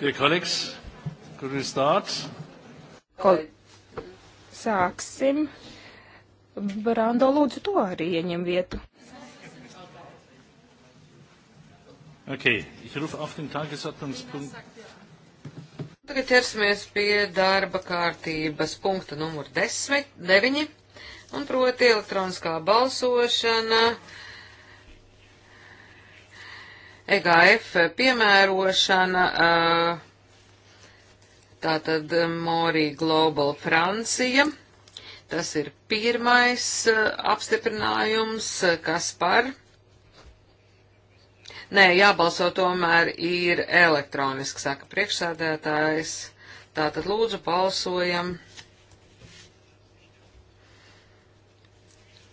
Dear colleagues, could we start? Kol Sāksim. Brando, lūdzu, to arī ieņem vietu. Okay, ich rufe auf den Tagesordnungspunkt. Tagad ķersimies pie darba kārtības punkta numur 10, 9, un proti elektroniskā balsošana. Uh, EGF piemērošana, tātad Morī Global Francija. Tas ir pirmais apstiprinājums, kas par. Nē, jābalso tomēr ir elektroniski, saka priekšsādētājs. Tātad lūdzu balsojam.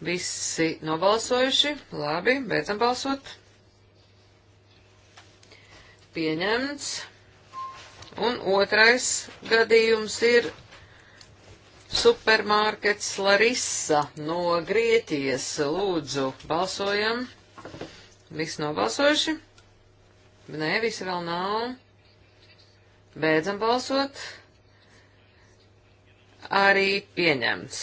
Visi nobalsojuši, labi, beidzam balsot pieņemts. Un otrais gadījums ir supermārkets Larissa no Grieķijas. Lūdzu, balsojam. Visi nobalsojuši? Nē, visi vēl nav. Beidzam balsot. Arī pieņemts.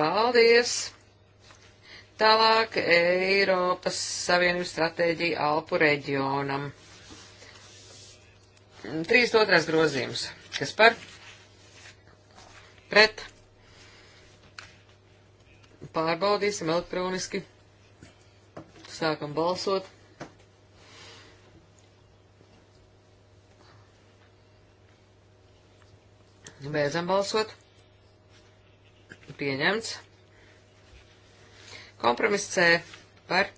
Paldies! Tālāk Eiropas Savienības stratēģija Alpu reģionam. 32. grozījums. Kas par? Pret. Pārbaudīsim elektroniski. Sākam balsot. Beidzam balsot. Pieņemts. Kompromiss C par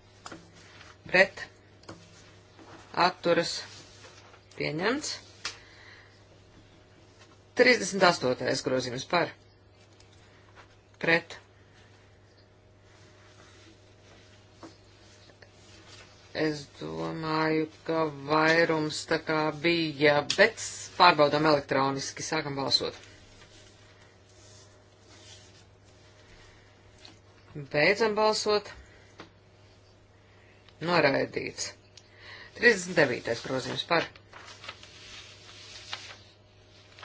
pret atturas pieņemts. 38. grozījums par pret. Es domāju, ka vairums tā kā bija, bet pārbaudām elektroniski, sākam balsot. Beidzam balsot. Noraidīts. 39. grozījums par.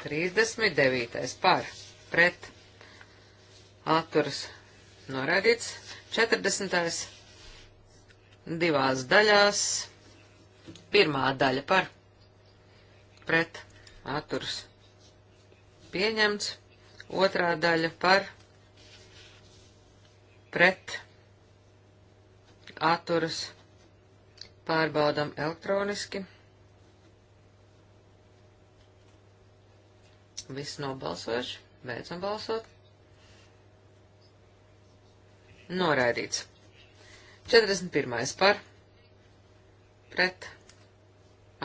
39. par. Pret. Atturas. Noraidīts. 40. divās daļās. Pirmā daļa par. Pret. Atturas. Pieņemts. Otrā daļa par pret atturas pārbaudam elektroniski. Viss nobalsojuši, beidzam balsot. Noraidīts. 41. par pret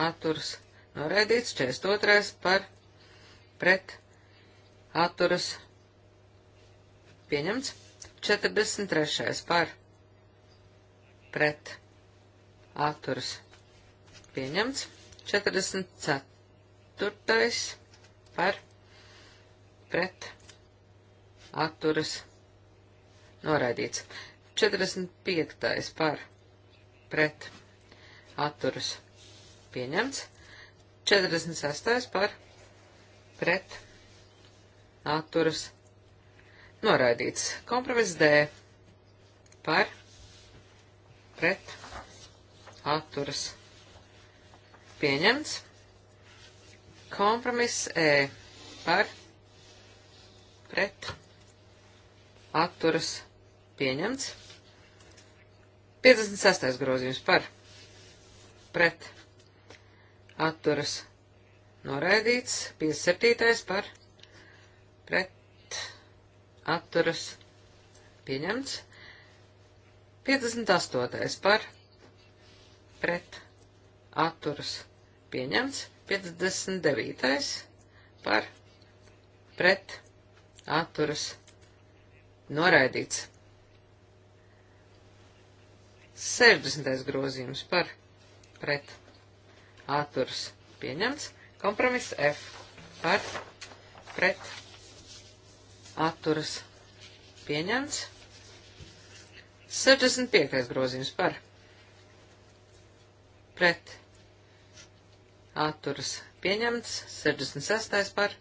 atturas noraidīts, 42. par pret atturas pieņemts. 43. par pret atturas pieņemts. 44. par pret atturas noraidīts. 45. par pret atturas pieņemts. 46. par pret atturas pieņemts. Noraidīts. Kompromiss D. Par. Pret. Atturas. Pieņemts. Kompromiss E. Par. Pret. Atturas. Pieņemts. 56. grozījums par. Pret. Atturas. Noraidīts. 57. par. Pret atturas pieņemts. 58. par pret atturas pieņemts. 59. par pret atturas noraidīts. 60. grozījums par pret atturas pieņemts. Kompromiss F par pret atturas atturas pieņemts. 65. grozījums par pret atturas pieņemts, 66. par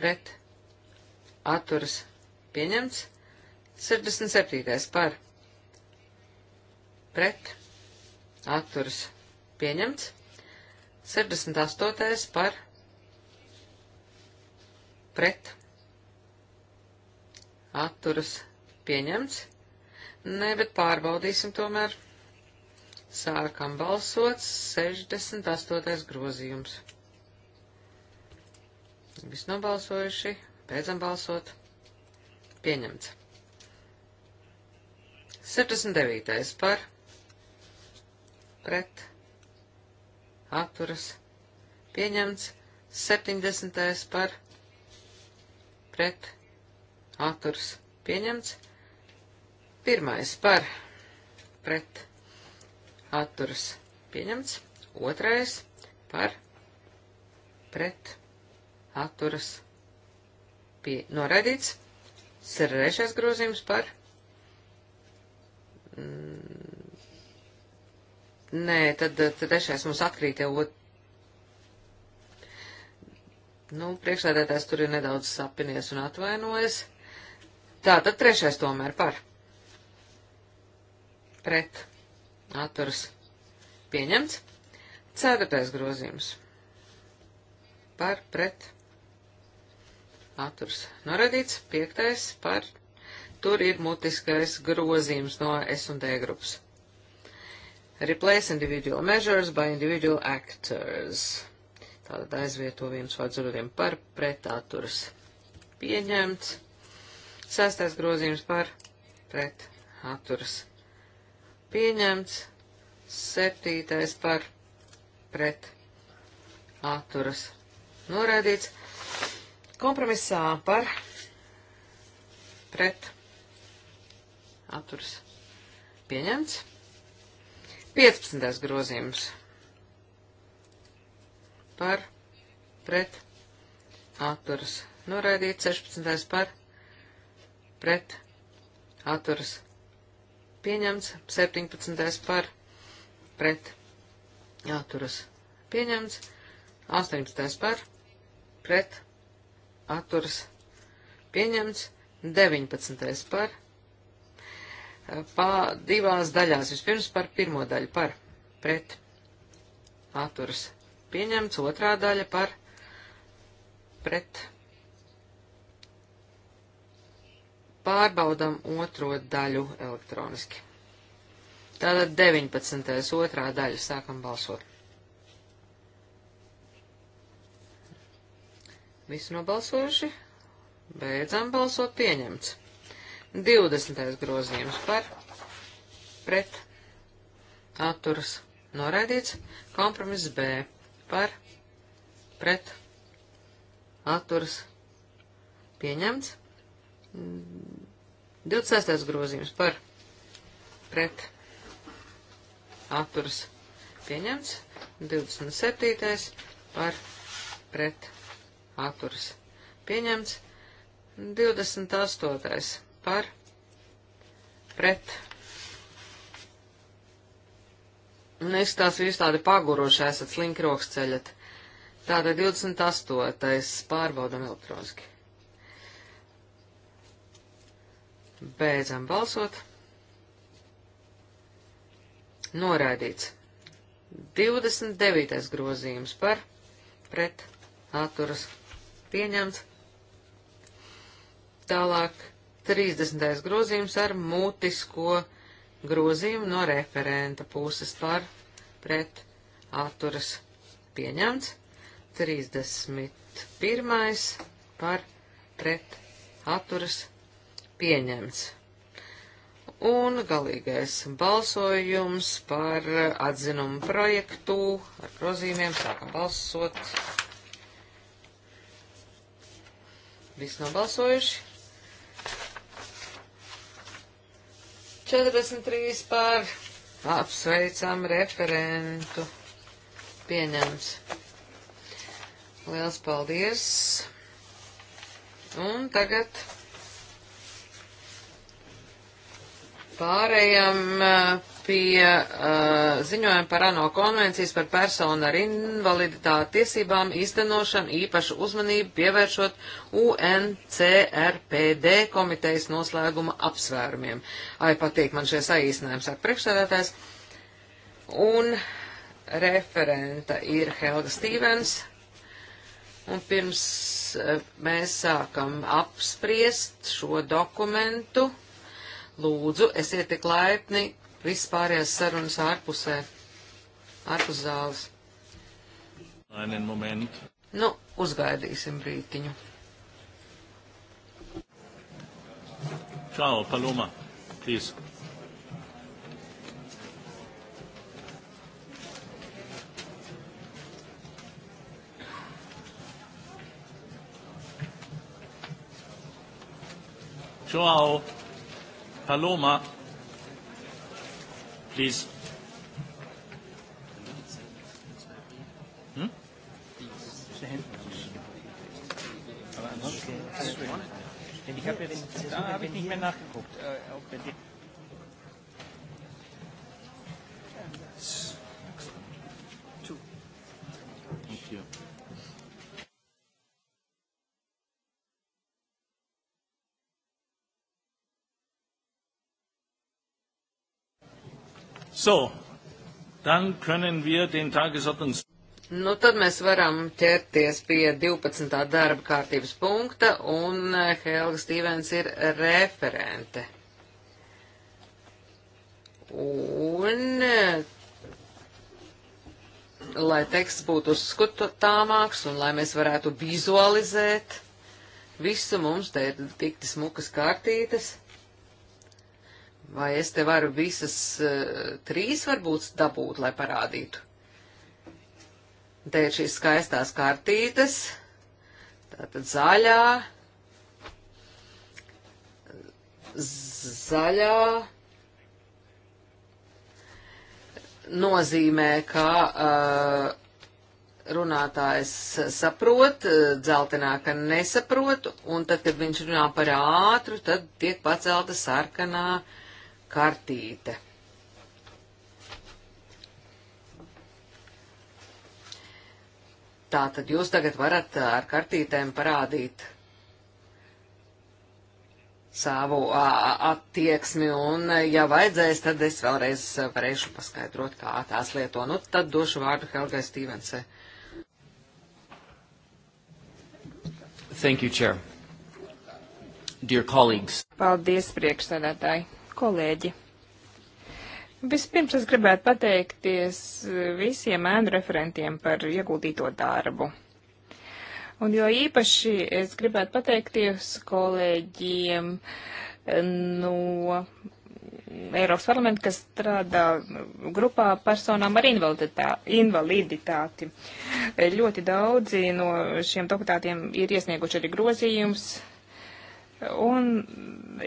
pret atturas pieņemts, 67. par pret atturas pieņemts, 68. par pret atturas pieņemts. Nē, bet pārbaudīsim tomēr. Sākam balsot 68. grozījums. Viss nobalsojuši, beidzam balsot. Pieņemts. 79. par pret atturas pieņemts. 70. par pret atturas atturs pieņemts. Pirmais par pret atturs pieņemts. Otrais par pret atturs pie, noraidīts. Trešais grozījums par. Mm, nē, tad trešais mums atkrīt jau otrs. Nu, priekšsēdētājs tur ir nedaudz sapinies un atvainojas. Tātad trešais tomēr par. Pret. Atturas. Pieņemts. Ceturtais grozījums. Par. Pret. Atturas. Noradīts. Piektais par. Tur ir mutiskais grozījums no S&D grupas. Replace individual measures by individual actors. Tātad aizvieto viens vārds ar par pretāturas. Pieņemts. Sestais grozījums par pret atturas pieņemts. Septītais par pret atturas norādīts. Kompromisā par pret atturas pieņemts. 15. grozījums par pret atturas norādīts. 16. par pret pret atturas pieņemts, 17. par pret atturas pieņemts, 18. par pret atturas pieņemts, 19. par pa divās daļās. Vispirms par pirmo daļu par pret atturas pieņemts, otrā daļa par pret atturas Pārbaudam otro daļu elektroniski. Tātad 19. otrā daļa sākam balsot. Visi nobalsojuši? Beidzam balsot pieņemts. 20. grozījums par, pret, atturas, noraidīts, kompromiss B par, pret, atturas, pieņemts. 26. grozījums par pret atturas pieņemts, 27. par pret atturas pieņemts, 28. par pret. Neizskatās, nu, jūs tādi paguroši esat, slinki rokas ceļat. Tātad 28. pārbaudam elektroniski. Beidzam balsot. Noraidīts. 29. grozījums par pret atturas pieņemts. Tālāk 30. grozījums ar mutisko grozījumu no referenta puses par pret atturas pieņemts. 31. par pret atturas pieņemts pieņemts. Un galīgais balsojums par atzinumu projektu ar grozīmiem. Sākam balsot. Viss nav balsojuši. 43 pār. Apsveicam referentu. Pieņems. Liels paldies. Un tagad Pārējām eh, pie uh, ziņojuma par ANO konvencijas par personu ar invaliditāti tiesībām īstenošanu īpašu uzmanību pievēršot UNCRPD komitejas noslēguma apsvērumiem. Ai, patīk man šie saīsinājumi, saka priekšsēdētājs. Un referenta ir Helga Stīvens. Un pirms uh, mēs sākam apspriest šo dokumentu. Lūdzu, esiet tik laipni, viss pārējās sarunas ārpusē, ārpus zāles. Einen moment. Nu, uzgaidīsim brītiņu. Čau, Paloma, please. Čau! Paloma, please. Hmm? Ich habe ja ah, den, da habe ich nicht mehr nachgeguckt, äh, ob wir den So, dann können wir den Tagesordnungs... Nu, tad mēs varam ķerties pie 12. darba kārtības punkta, un eh, Helga Stīvens ir referente. Un, eh, lai teksts būtu uzskatāmāks un lai mēs varētu vizualizēt visu mums te ir tikti smukas kārtītes. Vai es te varu visas uh, trīs varbūt dabūt, lai parādītu? Te ir šīs skaistās kartītes, tātad zaļā, zaļā nozīmē, ka uh, runātājs saprot, eh, dzeltenā, ka nesaprot, un tad, kad viņš runā par ātru, tad tiek pacelta sarkanā uh, kartīte. Tā tad jūs tagad varat ar kartītēm parādīt savu attieksmi, un, ja vajadzēs, tad es vēlreiz varēšu paskaidrot, kā tās lieto. Nu, tad došu vārdu Helgai Stīvensai. Thank you, Chair. Dear colleagues. Paldies, priekšsēdētāji kolēģi! Vispirms es gribētu pateikties visiem ēnu referentiem par ieguldīto darbu. Un jo īpaši es gribētu pateikties kolēģiem no Eiropas parlamenta, kas strādā grupā personām ar invaliditāti. Ļoti daudzi no šiem deputātiem ir iesnieguši arī grozījums un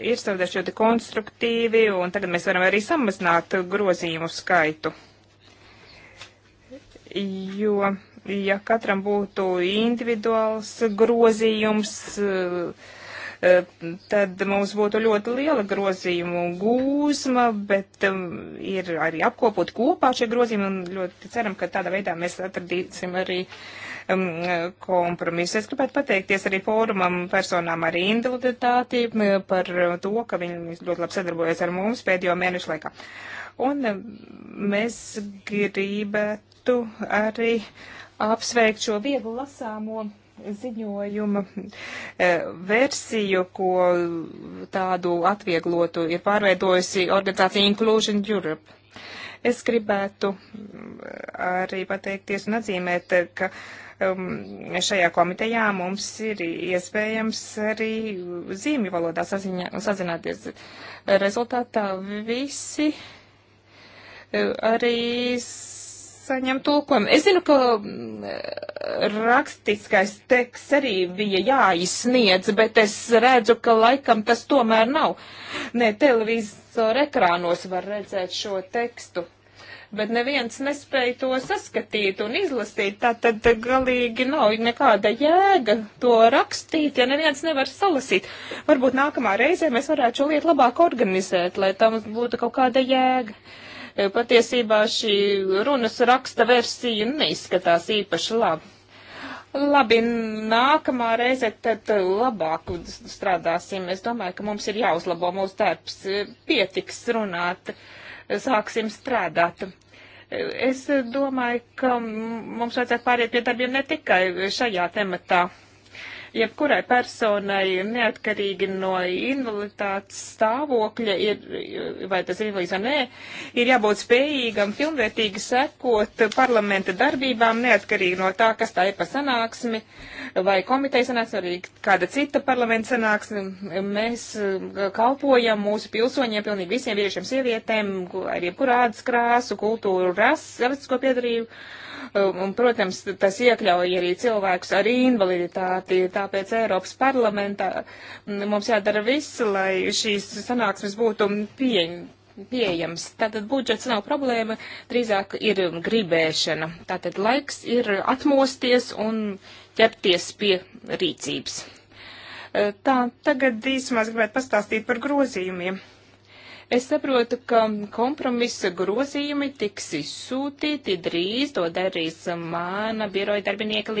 ir strādājuši ļoti konstruktīvi, un tagad mēs varam arī samazināt grozījumu skaitu. Jo, ja katram būtu individuāls grozījums, eh, tad mums būtu ļoti liela grozījumu gūzma, bet um, ir arī apkopot kopā šie grozījumi, un ļoti ceram, ka tādā veidā mēs atradīsim arī uh, Um, kompromisu. Es gribētu pateikties arī fórumam personām ar individualitāti um, par to, ka viņi ļoti labi sadarbojas ar mums pēdējo mēnešu laikā. Un um, mēs gribētu arī apsveikt šo viegli lasāmo ziņojuma uh, versiju, ko tādu atvieglotu ir pārveidojusi organizācija Inclusion Europe. Es gribētu arī pateikties un atzīmēt, ka uh, Um, šajā komitejā mums ir iespējams arī zīmju valodā saziņā, sazināties. Rezultātā visi uh, arī saņem tulkojumu. Es zinu, ka mm, rakstiskais teksts arī bija jāizsniedz, bet es redzu, ka laikam tas tomēr nav. Nē, televīzijas ekrānos var redzēt šo tekstu bet neviens nespēja to saskatīt un izlasīt. Tā tad galīgi nav nekāda jēga to rakstīt, ja neviens nevar salasīt. Varbūt nākamā reizē mēs varētu šo lietu labāk organizēt, lai tam būtu kaut kāda jēga. E, patiesībā šī runas raksta versija neizskatās īpaši labi. Labi, nākamā reize tad e, labāk strādāsim. Es domāju, ka mums ir jāuzlabo mūsu darbs. E, pietiks runāt sāksim strādāt. Es domāju, ka mums vajadzētu pāriet pie darbiem ne tikai šajā tematā. Jebkurai personai, neatkarīgi no invaliditātes stāvokļa, ir, vai tas ir invalīds vai nē, ir jābūt spējīgam pilnvērtīgi sekot parlamenta darbībām, neatkarīgi no tā, kas tā ir pa sanāksmi, vai komiteja sanāksmi, vai kāda cita parlamenta sanāksmi. Mēs eh, kalpojam mūsu pilsoņiem, pilnīgi visiem vīriešiem, sievietēm, ar jebkuru ādas krāsu, kultūru, rasu, reliģisko piedarību. Um, un, protams, tas iekļauj arī cilvēkus ar invaliditāti, tāpēc Eiropas parlamentā mm, mums jādara viss, lai šīs sanāksmes būtu pieņemtas pieejams. Tātad budžets nav problēma, drīzāk ir gribēšana. Tātad laiks ir atmosties un ķerties pie rīcības. Uh, tā, tagad īsumā gribētu pastāstīt par grozījumiem. Es saprotu, ka kompromisa grozījumi tiks izsūtīti drīz, to darīs mana biroja darbinieka,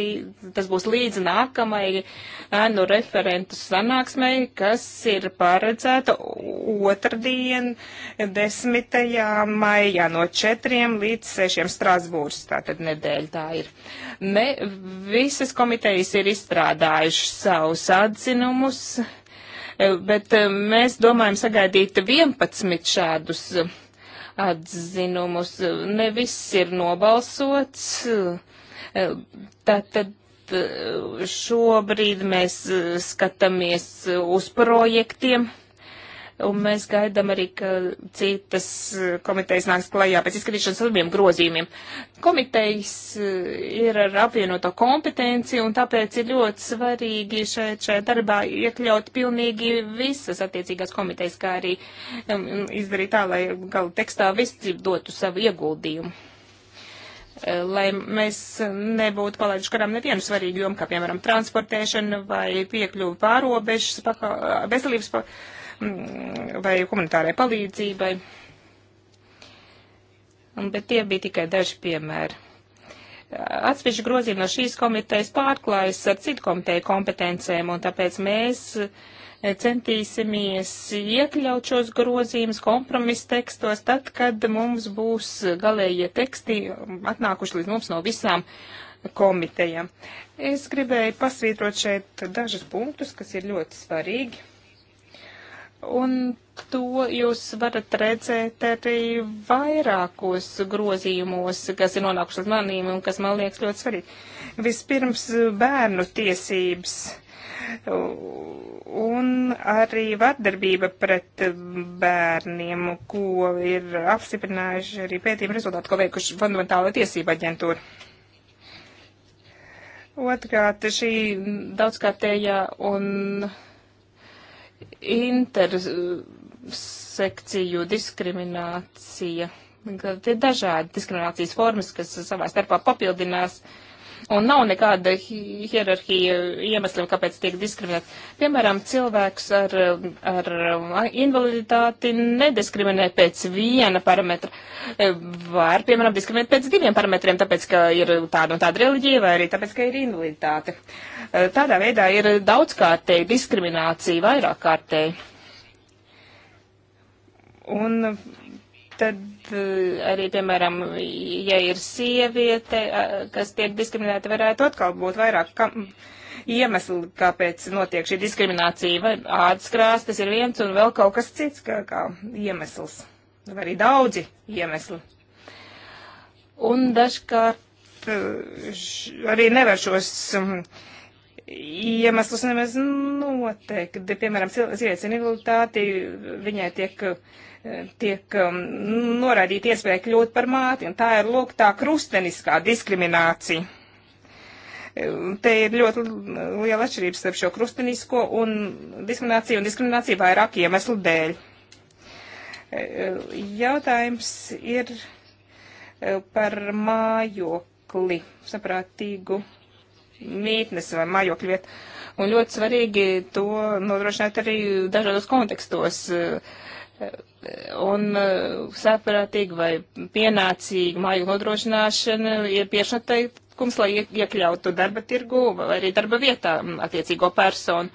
tas būs līdz nākamai ēnu referentu sanāksmai, kas ir paredzēta otrdien 10. maijā no 4 līdz 6 Strasbūrs, tātad nedēļa tā ir. Ne visas komitejas ir izstrādājušas savus atzinumus. Eh, bet eh, mēs domājam sagaidīt 11 šādus eh, atzinumus. Ne viss ir nobalsots. Tātad šobrīd mēs skatāmies uz projektiem. Un mēs gaidām arī, ka citas eh, komitejas nāks klajā pēc izskatīšanas saviem grozījumiem. Komitejas eh, ir ar apvienoto kompetenci, un tāpēc ir ļoti svarīgi šeit, šajā darbā iekļaut pilnīgi visas attiecīgās komitejas, kā arī um, izdarīt tā, lai galu tekstā visi dotu savu ieguldījumu eh, lai mēs nebūtu palaiduši garām nevienu svarīgu jomu, kā piemēram transportēšana vai piekļuvi pārobežas, veselības. Pa Mm, vai humanitārai palīdzībai. Bet tie bija tikai daži piemēri. Atsevišķi grozījumi no šīs komitejas pārklājas ar citu komiteju kompetencēm, un tāpēc mēs eh, centīsimies iekļaut šos grozījumus kompromisu tekstos, tad, kad mums būs galējie teksti atnākuši līdz mums no visām komitejām. Es gribēju pasvītrot šeit dažus punktus, kas ir ļoti svarīgi. Un to jūs varat redzēt arī vairākos grozījumos, kas ir nonākuši līdz manīm un kas man liekas ļoti svarīgi. Vispirms bērnu tiesības un arī vardarbība pret bērniem, ko ir apstiprinājuši arī pētījuma rezultāti, ko veikuši fundamentāla tiesība aģentūra. Otrkārt, šī daudzkārtējā un intersekciju diskriminācija, ka ir dažādi diskriminācijas formas, kas savā starpā papildinās. Uh, un nav nekāda hierarhija iemesliem, kāpēc tiek diskriminēti. Piemēram, cilvēks ar, ar invaliditāti nediskriminē pēc viena parametra. E, var, piemēram, diskriminēt pēc diviem parametriem, tāpēc, ka ir tāda un tāda reliģija, vai arī tāpēc, ka ir invaliditāte. E, tādā veidā ir daudzkārtēji diskriminācija, vairāk kārtēji. Un tad eh, arī, piemēram, ja ir sieviete, kas tiek diskriminēta, varētu atkal būt vairāk kam, iemesli, kāpēc notiek šī diskriminācija, vai ādas krāstas ir viens un vēl kaut kas cits kā, kā iemesls, vai arī daudzi iemesli. Un dažkārt eh, arī nevar šos mm, iemeslus nemaz noteikt. Piemēram, sievietes invaliditāti, viņai tiek uh, tiek um, noraidīta iespēja kļūt par māti, un tā ir lūk tā krusteniskā diskriminācija. Um, te ir ļoti liela atšķirības starp šo krustenisko un diskrimināciju un diskrimināciju vairāk iemeslu dēļ. Uh, jautājums ir uh, par mājokli, saprātīgu mītnes vai mājokļu vietu. Un ļoti svarīgi to nodrošināt arī dažādos kontekstos. Uh, un uh, saprātīga vai pienācīga māju nodrošināšana ir piešnoteikums, lai iekļautu darba tirgu vai arī darba vietā mm, attiecīgo personu.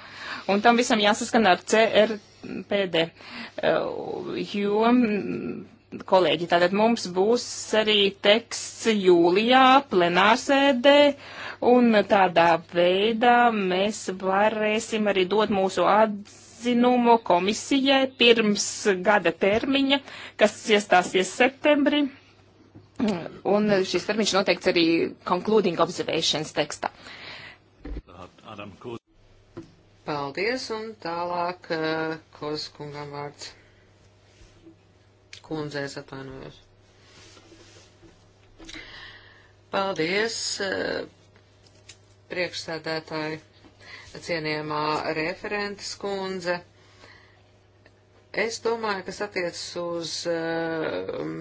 Un tam visam jāsaskan ar CRPD, uh, jo mm, kolēģi, tātad mums būs arī teksts jūlijā plenārsēdē, un tādā veidā mēs varēsim arī dot mūsu atzīmi atzinumu komisijai pirms gada termiņa, kas iestāsies septembrī. Un šis termiņš noteikts arī concluding observations tekstā. Paldies, un tālāk uh, eh, Kozkungam vārds. Kundzēs atvainojos. Paldies, uh, priekšsēdētāji cienījamā referentes kundze. Es domāju, kas attiecas uz um,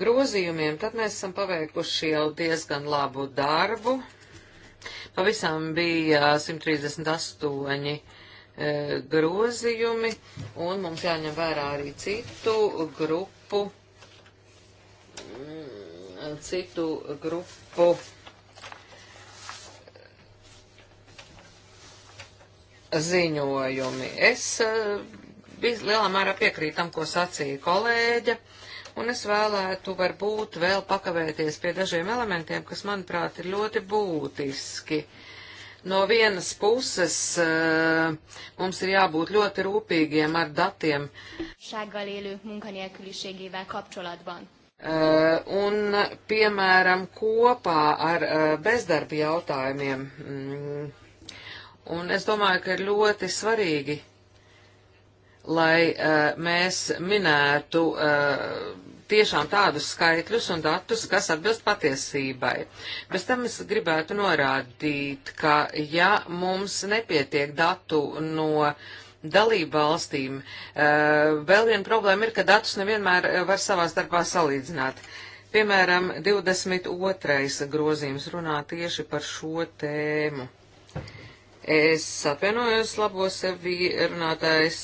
grozījumiem, tad mēs esam paveikuši jau diezgan labu darbu. Pavisam bija 138 e, grozījumi, un mums jāņem vērā arī citu grupu, mm, citu grupu ziņojumi. Es eh, lielā mērā piekrītu tam, ko sacīja kolēģe, un es vēlētu varbūt vēl pakavēties pie dažiem elementiem, kas, manuprāt, ir ļoti būtiski. No vienas puses eh, mums ir jābūt ļoti rūpīgiem ar datiem. Sággal élő munkanélküliségével kapcsolatban. Uh, un, piemēram, kopā ar uh, bezdarba jautājumiem. Mm, Un es domāju, ka ir ļoti svarīgi, lai uh, mēs minētu uh, tiešām tādus skaitļus un datus, kas atbilst patiesībai. Bez tam es gribētu norādīt, ka ja mums nepietiek datu no dalību valstīm, uh, vēl viena problēma ir, ka datus nevienmēr var savā starpā salīdzināt. Piemēram, 22. grozījums runā tieši par šo tēmu. Es atvainojos, labo sevi runātājs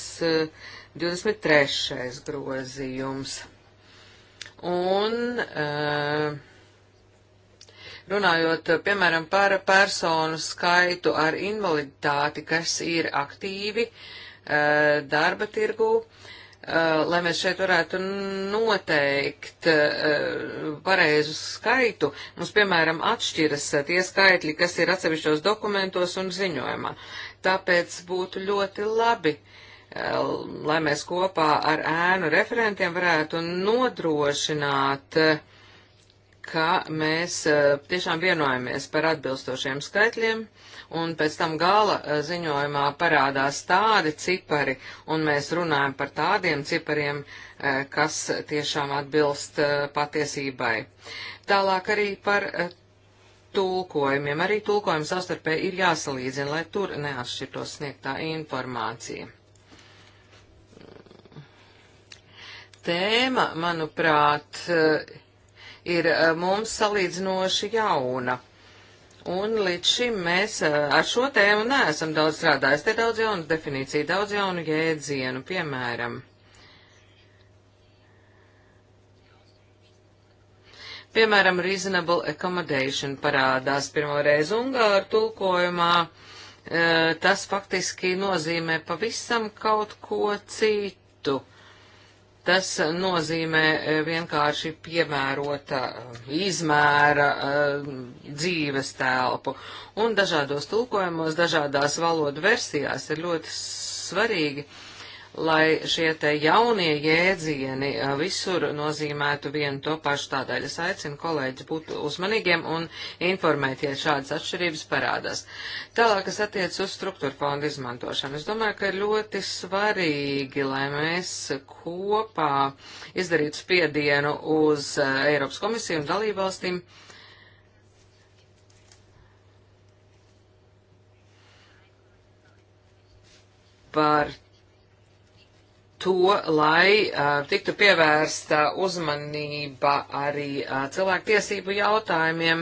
23. Eh, grozījums. Un eh, runājot, piemēram, par personu skaitu ar invaliditāti, kas ir aktīvi eh, darba tirgū, Uh, lai mēs šeit varētu noteikt uh, pareizu skaitu, mums, piemēram, atšķiras uh, tie skaitļi, kas ir atsevišķos dokumentos un ziņojumā. Tāpēc būtu ļoti labi, lai mēs kopā ar ēnu referentiem varētu nodrošināt uh, ka mēs e, tiešām vienojamies par atbilstošiem skaitļiem, un pēc tam gala e, ziņojumā parādās tādi cipari, un mēs runājam par tādiem cipariem, e, kas tiešām atbilst patiesībai. Tālāk arī par tulkojumiem. Arī tulkojumi savstarpēji ir jāsalīdzina, lai tur neatšķirtos sniegtā informācija. Tēma, manuprāt, ir eh, mums salīdzinoši jauna. Un līdz šim mēs eh, ar šo tēmu neesam daudz strādājis. Te daudz jaunu definīciju, daudz jaunu jēdzienu, piemēram. Piemēram, reasonable accommodation parādās pirmoreiz Ungāru tulkojumā. Eh, tas faktiski nozīmē pavisam kaut ko citu. Tas nozīmē e, vienkārši piemērota e, izmēra e, dzīves telpu. Un dažādos tulkojumos, dažādās valodu versijās ir ļoti svarīgi uh, lai šie te jaunie jēdzieni visur nozīmētu vienu to pašu. Tādēļ es aicinu kolēģi būt uzmanīgiem un informēt, ja šādas atšķirības parādās. Tālāk, kas attiec uz struktūra fondu izmantošanu, es domāju, ka ir ļoti svarīgi, lai mēs kopā izdarītu spiedienu uz Eiropas komisiju un dalībvalstīm. Par to, lai uh, tiktu pievērsta uzmanība arī uh, cilvēktiesību jautājumiem.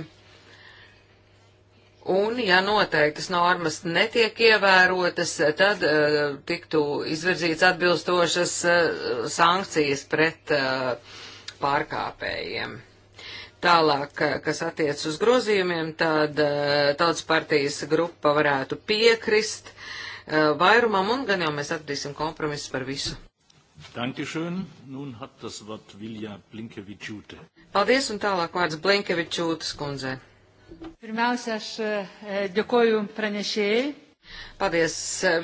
Un, ja noteiktas normas netiek ievērotas, tad uh, tiktu izvirzīts atbilstošas uh, sankcijas pret uh, pārkāpējiem. Tālāk, kas attiec uz grozījumiem, tad uh, tautas partijas grupa varētu piekrist uh, vairumam, un gan jau mēs atradīsim kompromisu par visu. Dankeschön. Nun hat das Wort Vilja Blinkevičiūtė. Paldies un tālāk vārds Blinkevičiūtas kundzē. Pirmiausia, aš eh, dėkoju pranešėjai. Paldies.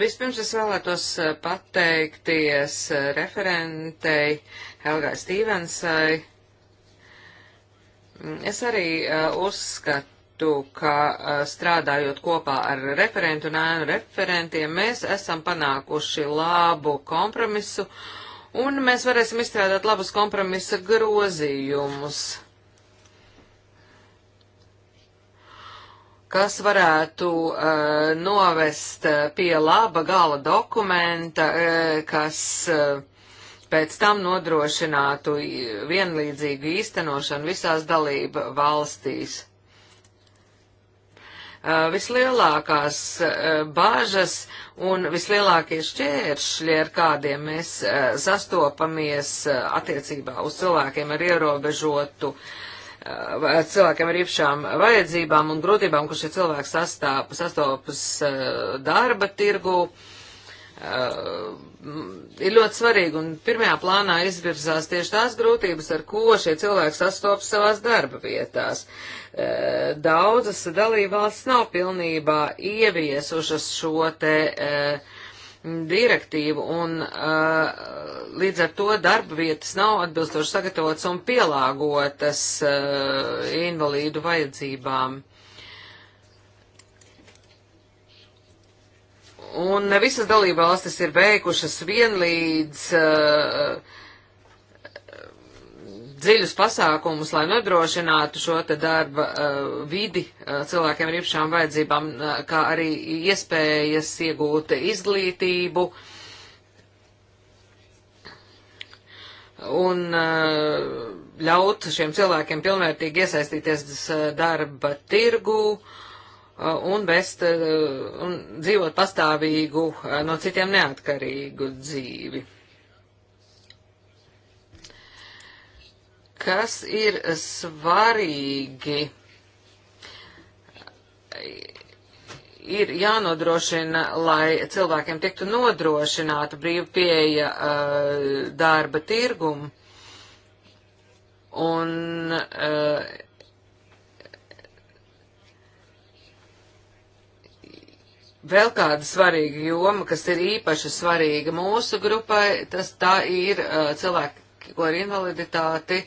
Vispirms es vēlētos eh, pateikties eh, referentei Helgai Stīvensai. Mm, es arī uzskatu, uzskatu, ka strādājot kopā ar referentu un ēnu referentiem, mēs esam panākuši labu kompromisu un mēs varēsim izstrādāt labus kompromisa grozījumus, kas varētu uh, novest eh, pie laba gala dokumenta, uh, kas uh, pēc tam nodrošinātu vienlīdzīgu īstenošanu visās dalība valstīs. Eh, vislielākās eh, bāžas un vislielākie šķēršļi, ar kādiem mēs eh, sastopamies attiecībā uz cilvēkiem ar ierobežotu cilvēkiem ar īpašām vajadzībām un grūtībām, kurš ir cilvēks sastopas darba tirgu, uh, Uh, ir ļoti svarīgi, un pirmajā plānā izvirzās tieši tās grūtības, ar ko šie cilvēki sastopas savās darba vietās. Uh, daudzas dalībvalsts nav pilnībā ieviesušas šo te uh, direktīvu, un uh, līdz ar to darba vietas nav atbilstoši sagatavotas un pielāgotas uh, invalīdu vajadzībām. Un ne visas dalībvalstis ir veikušas vienlīdz uh, dziļus pasākumus, lai nodrošinātu šo te darba uh, vidi uh, cilvēkiem ar īpašām vajadzībām, uh, kā arī iespējas iegūt izglītību. Un uh, ļaut šiem cilvēkiem pilnvērtīgi iesaistīties darba tirgū. Uh, Uh, un, best, uh, un dzīvot pastāvīgu, uh, no citiem neatkarīgu dzīvi. Kas ir svarīgi? ir jānodrošina, lai cilvēkiem tiktu nodrošināta brīva pieeja uh, darba tirgumu. Un uh, Vēl kāda svarīga joma, kas ir īpaši svarīga mūsu grupai, tas tā ir uh, cilvēki, ko ar invaliditāti,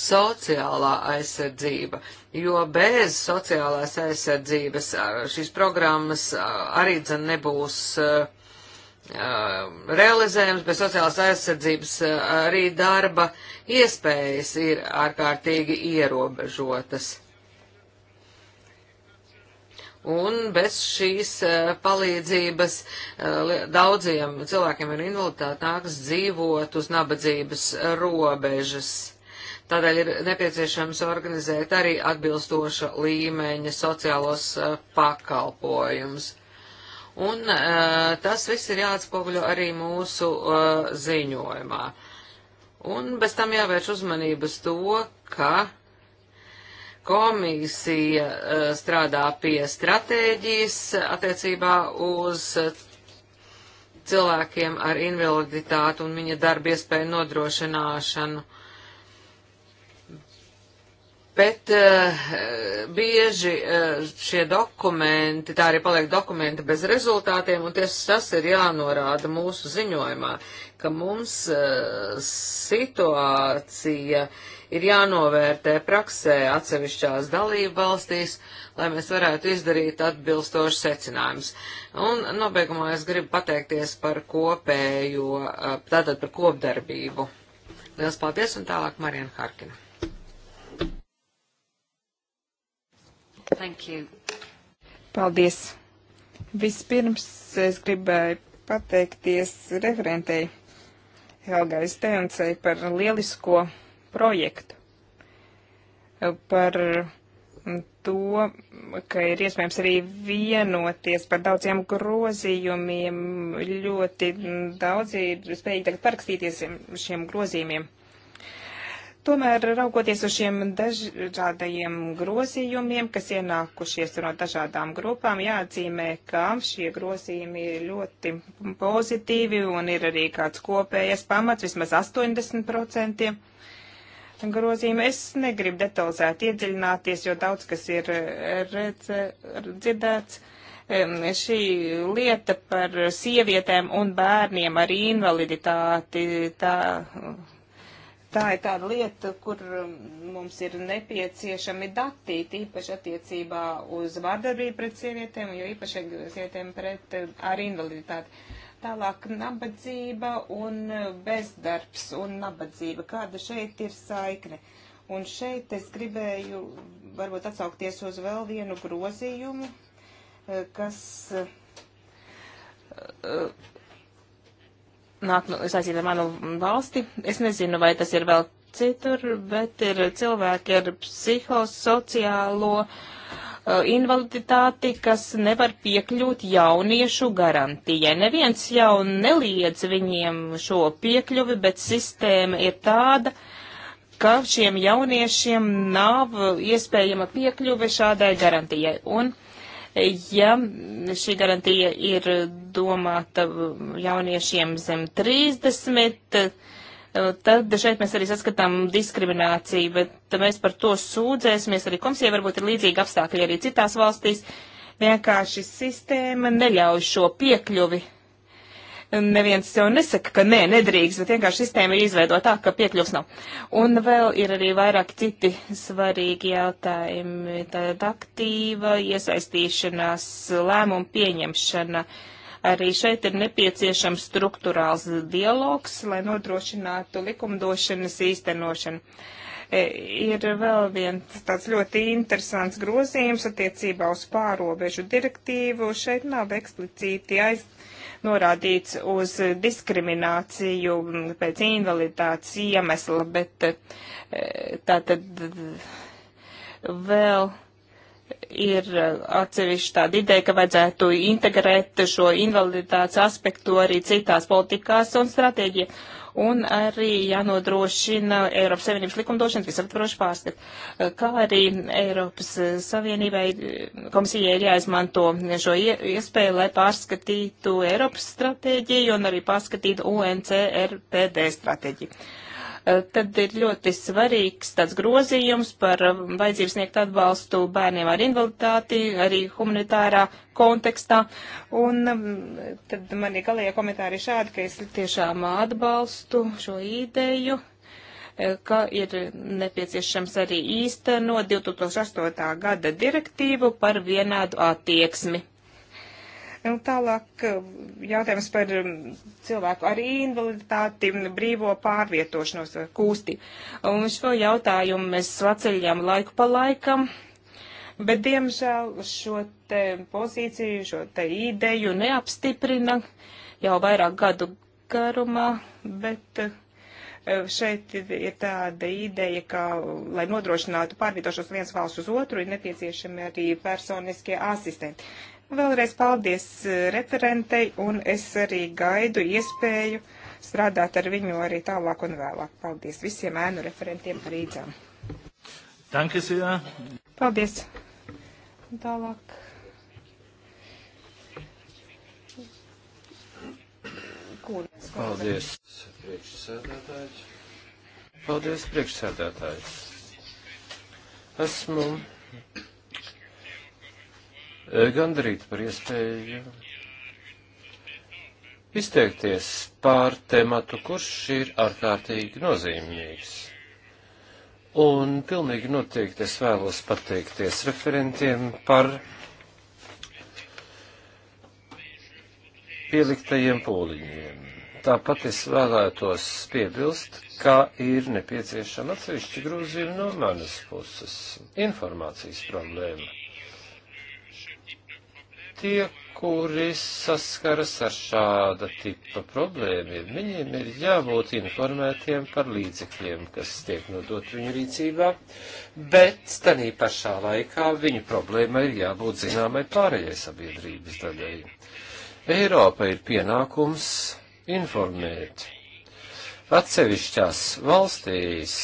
sociālā aizsardzība. Jo bez sociālās aizsardzības uh, šīs programmas uh, arī dzen nebūs uh, uh, realizējums, bez sociālās aizsardzības arī darba iespējas ir ārkārtīgi ierobežotas. Un bez šīs eh, palīdzības eh, daudziem cilvēkiem ar invaliditāti nāks dzīvot uz nabadzības robežas. Tādēļ ir nepieciešams organizēt arī atbilstoša līmeņa sociālos eh, pakalpojumus. Un tas viss ir jāatspoguļo arī mūsu ziņojumā. Un bez tam jāvērš uzmanības to, ka Komisija uh, strādā pie stratēģijas attiecībā uz eh, cilvēkiem ar invaliditātu un viņa darba iespēju nodrošināšanu. Uh, Bet uh, bieži uh, šie dokumenti, tā arī paliek dokumenti bez rezultātiem, un tieši tas ir jānorāda mūsu ziņojumā, ka mums uh, situācija ir jānovērtē praksē atsevišķās dalību valstīs, lai mēs varētu izdarīt atbilstošu secinājumus. Un nobeigumā es gribu pateikties par kopējo, uh, tātad par kopdarbību. Liels paldies un tālāk Marian Harkina. Thank you. Paldies. Vispirms es gribēju pateikties referentei Helgai Stencei par lielisko projektu, par to, ka ir iespējams arī vienoties par daudziem grozījumiem, ļoti daudzi ir spējīgi tagad parakstīties šiem grozījumiem. Tomēr, raugoties uz šiem dažādajiem grozījumiem, kas ienākušies no dažādām grupām, jāatzīmē, ka šie grozījumi ir ļoti pozitīvi un ir arī kāds kopējais pamats vismaz 80% grozījumu. Es negribu detalizēt iedziļināties, jo daudz kas ir redz, dzirdēts. Šī lieta par sievietēm un bērniem ar invaliditāti, tā tā ir tāda lieta, kur um, mums ir nepieciešami dati, tīpaši attiecībā uz vārdarbību pret sievietēm, jo īpaši sievietēm pret um, ar invaliditāti. Tālāk nabadzība un uh, bezdarbs un nabadzība. Kāda šeit ir saikne? Un šeit es gribēju varbūt atsaukties uz vēl vienu grozījumu, uh, kas uh, nāk no, es aizinu manu valsti, es nezinu, vai tas ir vēl citur, bet ir cilvēki ar psihosociālo uh, invaliditāti, kas nevar piekļūt jauniešu garantijai. Neviens jau neliedz viņiem šo piekļuvi, bet sistēma ir tāda, ka šiem jauniešiem nav iespējama piekļuve šādai garantijai. Un uh, Ja šī garantija ir domāta jauniešiem zem 30, tad šeit mēs arī saskatām diskrimināciju, bet mēs par to sūdzēsimies arī komisijai, varbūt ir līdzīgi apstākļi arī citās valstīs. Vienkārši sistēma neļauj šo piekļuvi neviens jau nesaka, ka nē, nedrīkst, bet vienkārši sistēma ir izveidota tā, ka piekļuvs nav. Un vēl ir arī vairāk citi svarīgi jautājumi. Tad aktīva iesaistīšanās, lēmumu pieņemšana. Arī šeit ir nepieciešams struktūrāls dialogs, lai nodrošinātu likumdošanas īstenošanu e, ir vēl viens tāds ļoti interesants grozījums attiecībā uz pārobežu direktīvu. Šeit nav eksplicīti aiz, norādīts uz diskrimināciju pēc invaliditātes iemesla, bet eh, tā tad vēl ir atsevišķi tāda ideja, ka vajadzētu integrēt šo invaliditātes aspektu arī citās politikās un stratēģijā un arī jānodrošina Eiropas Savienības likumdošanas visaptvarošu pārskatu. Kā arī Eiropas Savienībai komisijai ir jāizmanto šo iespēju, lai pārskatītu Eiropas stratēģiju un arī pārskatītu UNCRPD stratēģiju. Eh, tad ir ļoti svarīgs tāds grozījums par eh, vajadzības sniegt atbalstu bērniem ar invaliditāti, arī humanitārā kontekstā. Un mm, tad man ir galīgie komentāri šādi, ka es tiešām atbalstu šo ideju eh, ka ir nepieciešams arī īstenot 2008. gada direktīvu par vienādu attieksmi Un nu, tālāk eh, jautājums par mm, cilvēku ar invaliditāti, mm, brīvo pārvietošanos, eh, kūsti. Un šo jautājumu mēs atceļam laiku pa laikam, bet diemžēl šo te pozīciju, šo te ideju neapstiprina jau vairāk gadu garumā, bet eh, šeit ir tāda ideja, ka, lai nodrošinātu pārvietošanos viens valsts uz otru, ir nepieciešami arī personiskie asistenti. Vēlreiz paldies eh, referentei, un es arī gaidu iespēju strādāt ar viņu arī tālāk un vēlāk. Paldies visiem ēnu referentiem par īdzām. Dankas, jā. Paldies. Tālāk. Kūnes. Paldies, priekšsēdētājs. Paldies, priekšsēdētājs. Esmu Eh, gandrīt par iespēju izteikties pār tematu, kurš ir ārkārtīgi nozīmīgs. Un pilnīgi noteikti es vēlos pateikties referentiem par pieliktajiem pūliņiem. Tāpat es vēlētos piebilst, ka ir nepieciešama atsevišķa grūzījuma no manas puses - informācijas problēma tie, kuri saskaras ar šāda tipa problēmiem, viņiem ir jābūt informētiem par līdzekļiem, kas tiek nodot viņu rīcībā, bet tanī pašā laikā viņu problēma ir jābūt zināmai pārējai sabiedrības daļai. Eiropa ir pienākums informēt. Atsevišķās valstīs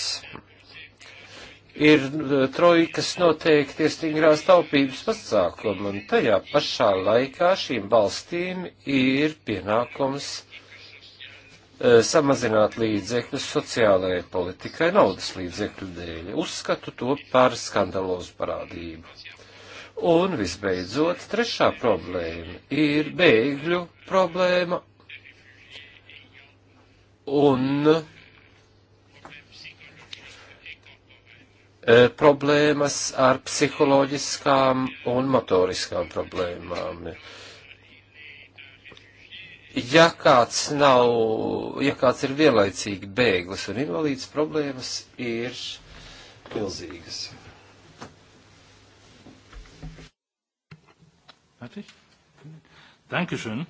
ir eh, trojkas noteikti stingrās taupības pasākumi, un tajā pašā laikā šīm valstīm ir pienākums eh, samazināt līdzekļus sociālajai politikai naudas līdzekļu dēļ. Uzskatu to par skandalozu parādību. Un visbeidzot, trešā problēma ir bēgļu problēma un E, problēmas ar psiholoģiskām un motoriskām problēmām. Ja kāds nav, ja kāds ir vienlaicīgi bēglis un invalīds, problēmas ir milzīgas. Dankeschön.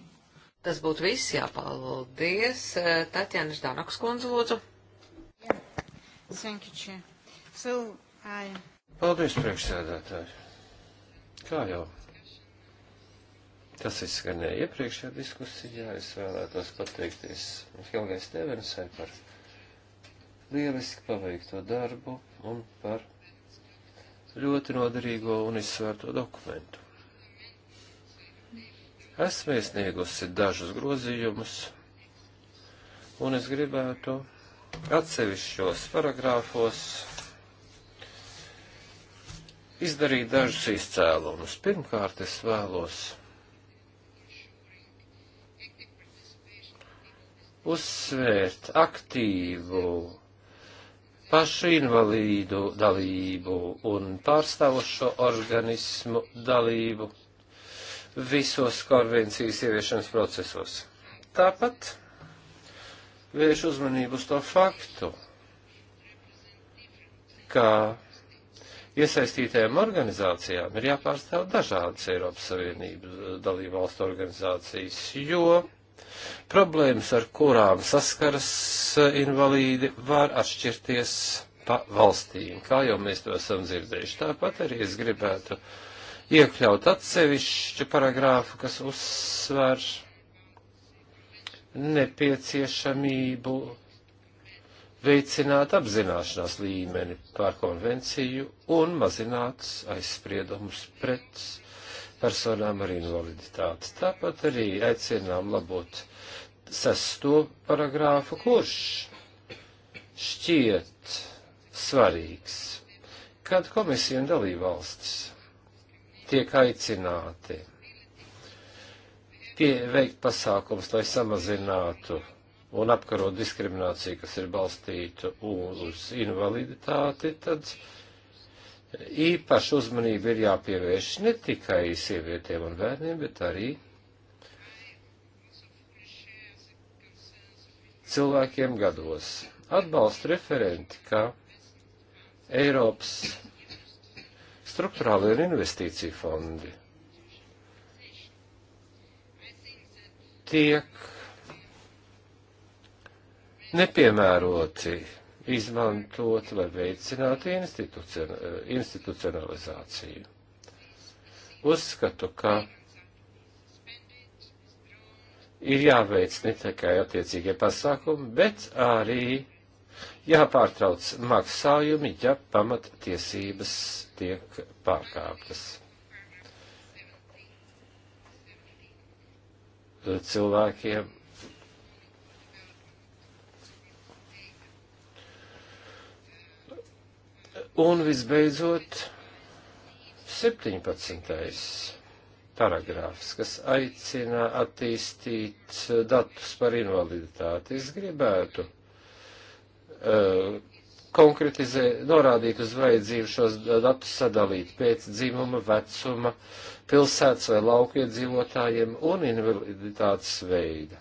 Tas būtu viss, jāpaldies. E, Tatjana Ždanakas kundze, lūdzu. Yeah. Thank you, Chair. So, Ai. Paldies, priekšsēdētāji. Kā jau tas izskanēja iepriekšējā diskusijā, es vēlētos pateikties Helgai Stevensai par lieliski paveikto darbu un par ļoti noderīgo un izsvērto dokumentu. Esmu iesniegusi dažus grozījumus, un es gribētu atsevišķos paragrāfos izdarīt dažus izcēlumus. Pirmkārt, es vēlos uzsvērt aktīvu pašu invalīdu dalību un pārstāvošo organismu dalību visos konvencijas ieviešanas procesos. Tāpat vērš uzmanību uz to faktu, ka Iesaistītajām organizācijām ir jāpārstāv dažādas Eiropas Savienības eh, dalību valstu organizācijas, jo problēmas, ar kurām saskaras eh, invalīdi, var atšķirties pa valstīm, kā jau mēs to esam dzirdējuši. Tāpat arī es gribētu iekļaut atsevišķu paragrāfu, kas uzsver nepieciešamību veicināt apzināšanās līmeni pār konvenciju un mazināt aizspriedumus pret personām ar invaliditāti. Tāpat arī aicinām labot sesto paragrāfu, kurš šķiet svarīgs, kad komisija un dalībvalstis tiek aicināti pie, veikt pasākums, lai samazinātu un apkarot diskrimināciju, kas ir balstīta uz invaliditāti, tad īpaši uzmanība ir jāpievērš ne tikai sievietēm un bērniem, bet arī cilvēkiem gados. Atbalsta referenti, ka Eiropas struktūrāla un investīcija fondi tiek nepiemēroti izmantot, lai veicinātu institucionalizāciju. Uzskatu, ka ir jāveic ne tikai attiecīgie pasākumi, bet arī jāpārtrauc maksājumi, ja pamattiesības tiek pārkāptas. Cilvēkiem Un visbeidzot, 17. paragrāfs, kas aicina attīstīt datus par invaliditāti. Es gribētu uh, konkretizē, norādīt uz vajadzību šos datus sadalīt pēc dzimuma, vecuma, pilsētas vai lauku iedzīvotājiem un invaliditātes veida.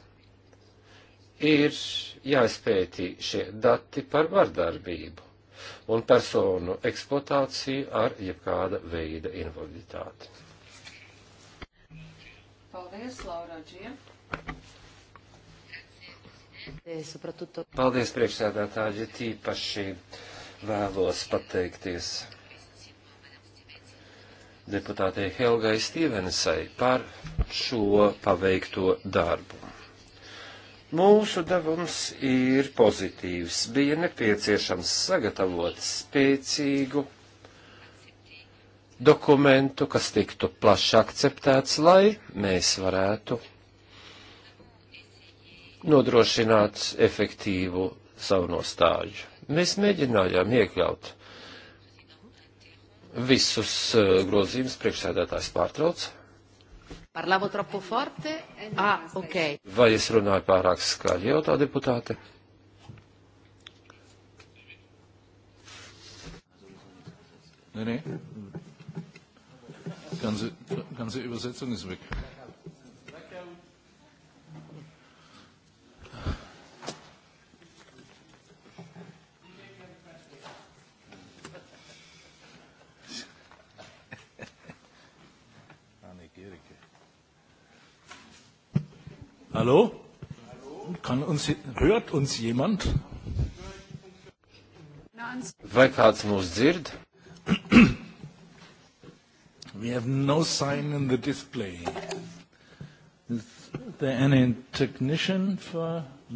Ir jāizpētī šie dati par vardarbību un personu eksploatāciju ar jebkāda veida invaliditāti. Paldies, Laura Džie. Paldies, priekšsēdētāji, tīpaši vēlos pateikties deputātei Helgai Stevensai par šo paveikto darbu. Mūsu devums ir pozitīvs. Bija nepieciešams sagatavot spēcīgu dokumentu, kas tiktu plaši akceptēts, lai mēs varētu nodrošināt efektīvu savu nostāju. Mēs mēģinājām iekļaut visus eh, grozījumus priekšsēdētājs pārtrauc. Parlavo troppo forte? Ah, ok. Vai es runāju pārāk skaļi, jautā deputāte? Nē, nē. Ganze, ganze Übersetzung ist weg. Hallo? Kann uns, hört uns jemand? Vai kāds mūs dzird? We have no sign in the display. Is there any technician for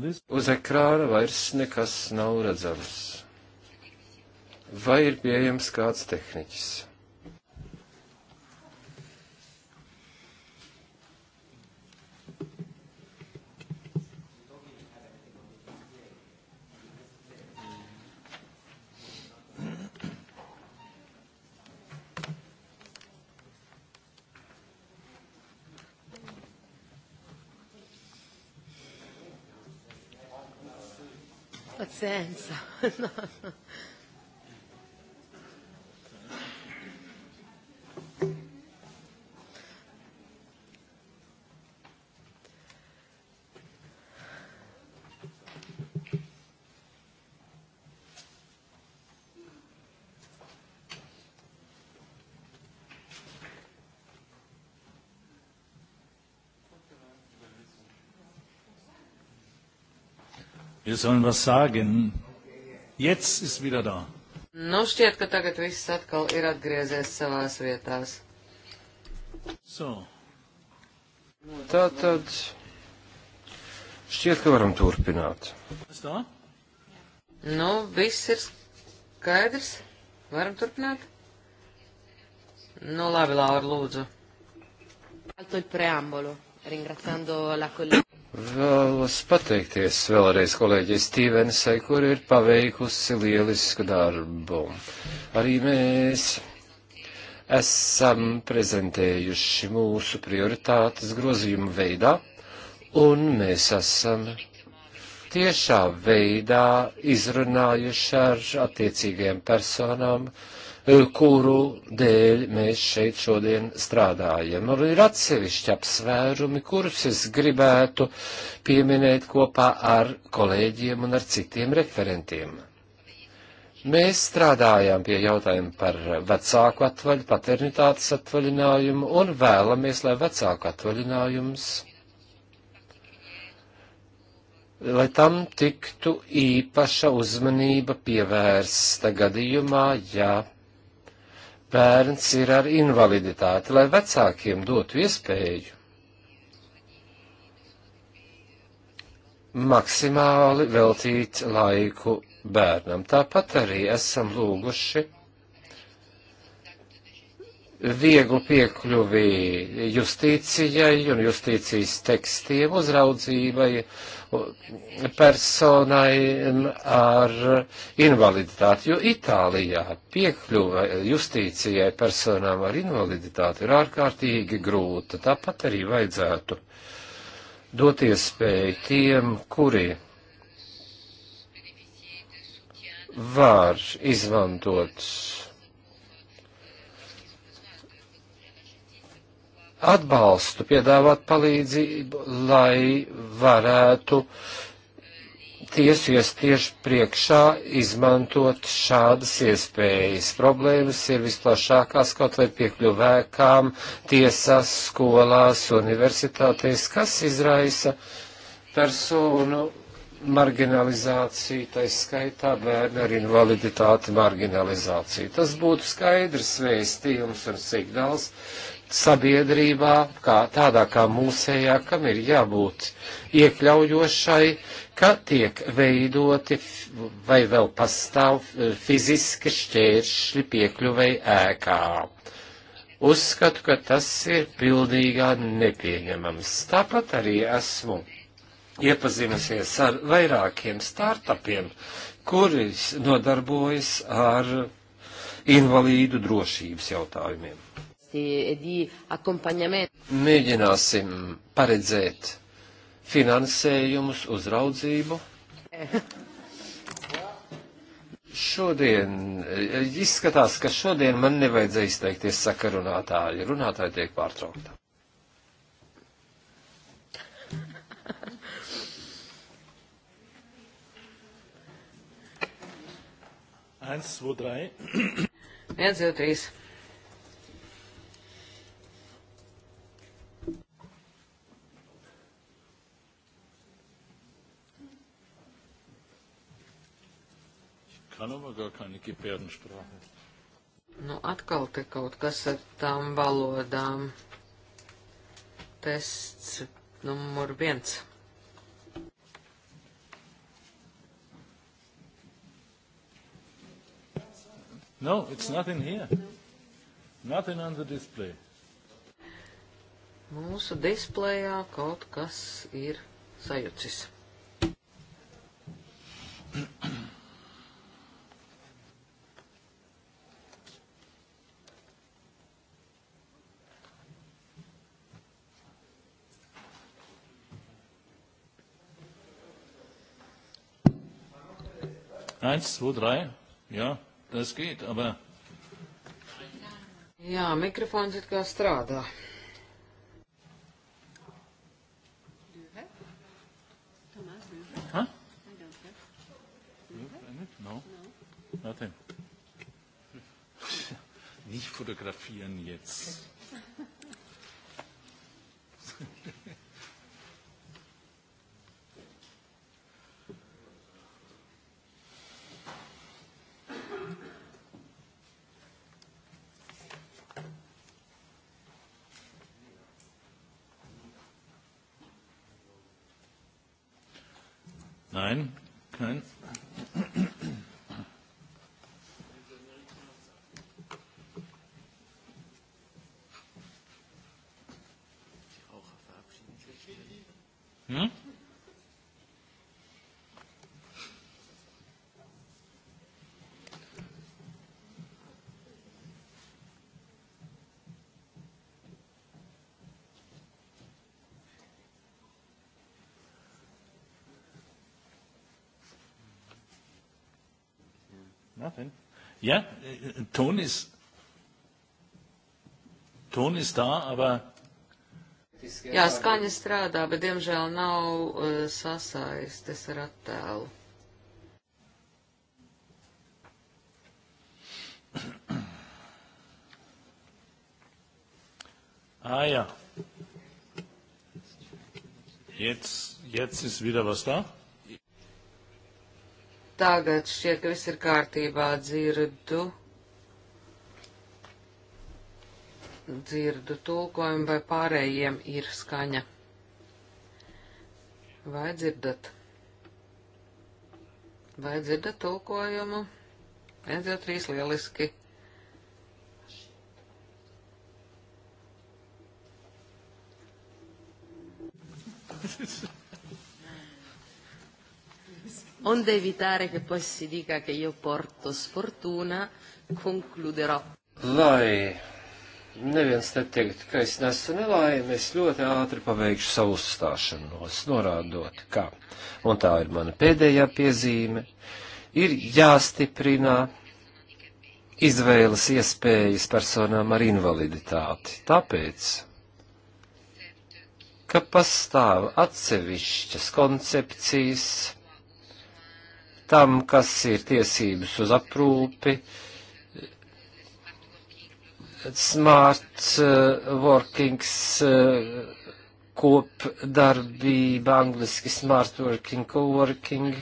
this? Uz ekrāna vairs nekas nav redzams. Vai ir pieejams kāds tehniķis? senso. No, no. Wir sollen was sagen. Jetzt ist wieder da. Nu šķiet, ka tagad viss atkal ir atgriezies savās vietās. So. Tā tad šķiet, ka varam turpināt. Es tā? Nu, viss ir skaidrs. Varam turpināt? Nu, labi, Laura, lūdzu. Alto il preambolo, ringraziando la collega. Vēlos pateikties vēlreiz kolēģei Stīvensai, kur ir paveikusi lielisku darbu. Arī mēs esam prezentējuši mūsu prioritātes grozījumu veidā, un mēs esam tiešā veidā izrunājuši ar attiecīgajām personām, uh, kuru dēļ mēs šeit šodien strādājam. Un ir atsevišķi apsvērumi, kurus es gribētu pieminēt kopā ar kolēģiem un ar citiem referentiem. Mēs strādājām pie jautājuma par vecāku atvaļu, paternitātes atvaļinājumu un vēlamies, lai vecāku atvaļinājums, lai tam tiktu īpaša uzmanība pievērsta gadījumā, ja bērns ir ar invaliditāti, lai vecākiem dotu iespēju maksimāli veltīt laiku bērnam. Tāpat arī esam lūguši vieglu piekļuvi justīcijai un justīcijas tekstiem uzraudzībai personai ar invaliditāti, jo Itālijā piekļuva justīcijai personām ar invaliditāti ir ārkārtīgi grūta. Tāpat arī vajadzētu dot iespēju tiem, kuri var izmantot atbalstu, piedāvāt palīdzību, lai varētu tiesu iestiešu priekšā izmantot šādas iespējas. Problēmas ir visplašākās kaut vai piekļuvēkām, tiesās, skolās, universitātēs, kas izraisa personu marginalizāciju, tai skaitā bērnu ar invaliditāti marginalizāciju. Tas būtu skaidrs vēstījums un signāls sabiedrībā, kā tādā kā mūsējā, kam ir jābūt iekļaujošai, ka tiek veidoti vai vēl pastāv fiziski šķēršļi piekļuvai ēkā. Uzskatu, ka tas ir pilnīgā nepieņemams. Tāpat arī esmu iepazinusies ar vairākiem startupiem, kuri nodarbojas ar invalīdu drošības jautājumiem e di accompagnamento. Mēģināsim paredzēt finansējumus, uzraudzību. Šodien izskatās, ka šodien man nevajadzēja izteikties sakarunātāji. Runātāji tiek pārtraukta. Eins, zwei, drei. Eins, zwei, drei. kann aber gar keine Gebärdensprache. Nu, atkal te kaut kas ar tām valodām. Tests numur viens. No, it's nothing here. Nothing on the display. Mūsu displejā kaut kas ir sajucis. Eins, zwei, drei. Ja, das geht, aber. Jā, mikrofons it kā strādā. Huh? No? Nothing. Nicht fotografieren jetzt. Nein? Kein? Ja, äh, äh, Ton ist, Ton ist da, aber. Jā, skaņa strādā, bet diemžēl nav uh, sasaistes ar attēlu. Ah ja. Jetzt, jetzt ist wieder was da. Tagad šķiet, ka viss ir kārtībā dzirdu. Dzirdu tulkojumu, vai pārējiem ir skaņa. Vai dzirdat? Vai dzirdat tulkojumu? 1, 2, 3, lieliski. Onde evitare che poi si dica che io porto sfortuna, konkluderò. Lai neviens neteikt, ka es nesu nelaimi, es ļoti ātri paveikšu savu uzstāšanos, norādot, ka, un tā ir mana pēdējā piezīme, ir jāstiprina izvēles iespējas personām ar invaliditāti. Tāpēc, ka pastāv atsevišķas koncepcijas, tam, kas ir tiesības uz aprūpi, smart eh, workings eh, kopdarbība, angliski smart working, co-working.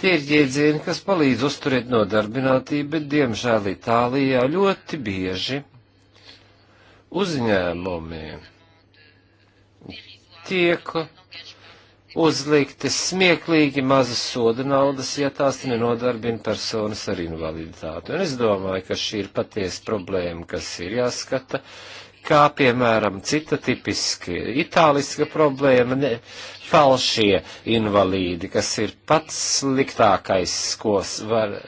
Tie ir jēdzieni, kas palīdz uzturēt nodarbinātību, bet diemžēl Itālijā ļoti bieži uzņēmumi tiek uzlikti smieklīgi mazas soda naudas, ja tās nenodarbina personas ar invaliditāti. Un es domāju, ka šī ir patiesa problēma, kas ir jāskata, kā piemēram cita tipiski itāliska problēma, ne, falšie invalīdi, kas ir pats sliktākais, ko var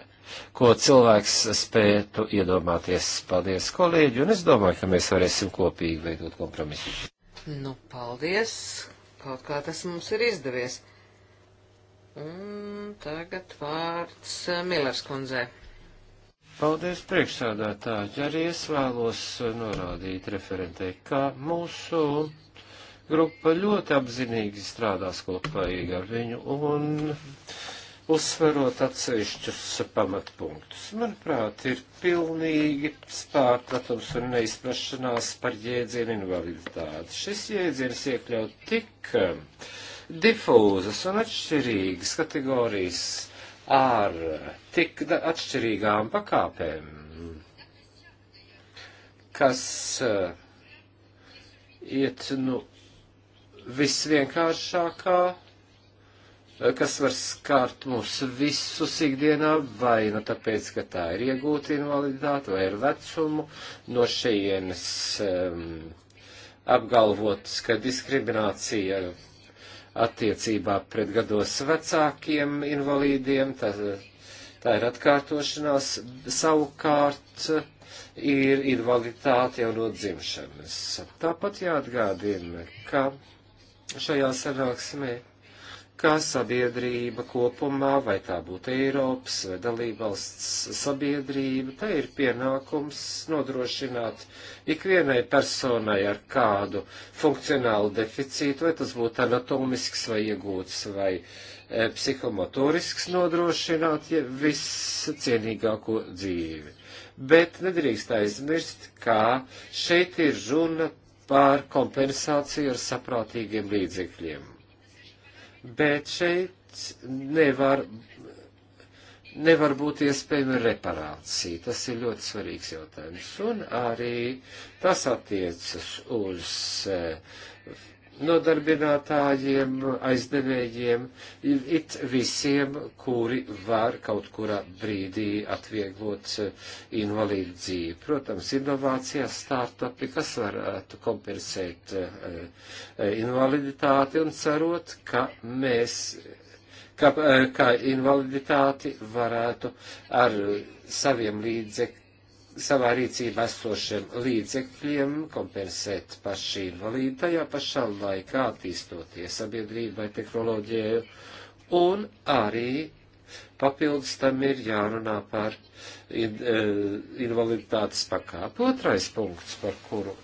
ko cilvēks spētu iedomāties. Paldies, kolēģi, un es domāju, ka mēs varēsim kopīgi veidot kompromisu. Nu, paldies, Kaut kā tas mums ir izdevies. Un tagad vārds eh, Milers kundzei. Paldies priekšsādātāji, arī es vēlos eh, norādīt referentē, ka mūsu grupa ļoti apzinīgi strādās kopīgi ar viņu un uzsverot atsevišķus pamatpunktus. Manuprāt, ir pilnīgi pārpratums un neizprašanās par jēdzienu invaliditāti. Šis jēdziens iekļaut tik um, difūzas un atšķirīgas kategorijas ar tik atšķirīgām pakāpēm, kas uh, iet nu visvienkāršākā kas var skārt mūs visus ikdienā, vai nu tāpēc, ka tā ir iegūta invaliditāte vai ir vecumu, no šejienes um, apgalvots, ka diskriminācija attiecībā pret gados vecākiem invalīdiem, tā, tā ir atkārtošanās, savukārt ir invaliditāte jau no dzimšanas. Tāpat jāatgādina, ka šajā sanāksmē kā sabiedrība kopumā, vai tā būtu Eiropas vai dalībvalsts sabiedrība, tai ir pienākums nodrošināt ikvienai personai ar kādu funkcionālu deficītu, vai tas būtu anatomisks vai iegūts vai e, psihomotorisks, nodrošināt ja viscienīgāko dzīvi. Bet nedrīkst aizmirst, kā šeit ir runa pār kompensāciju ar saprātīgiem līdzekļiem bet šeit nevar, nevar būt iespējama reparācija. Tas ir ļoti svarīgs jautājums. Un arī tas attiecas uz eh, nodarbinātājiem, aizdevējiem, it visiem, kuri var kaut kurā brīdī atvieglot eh, invalīdu dzīvi. Protams, inovācijas startupi, kas varētu kompensēt eh, eh, invaliditāti un cerot, ka mēs, ka, ka invaliditāti varētu ar saviem līdzekļiem savā rīcībā esošiem līdzekļiem kompensēt paši invalīdi, tajā pašā laikā attīstoties sabiedrībai, tehnoloģijai, un arī papildus tam ir jārunā par in, e, invaliditātes pakāpi. Otrais punkts, par kuru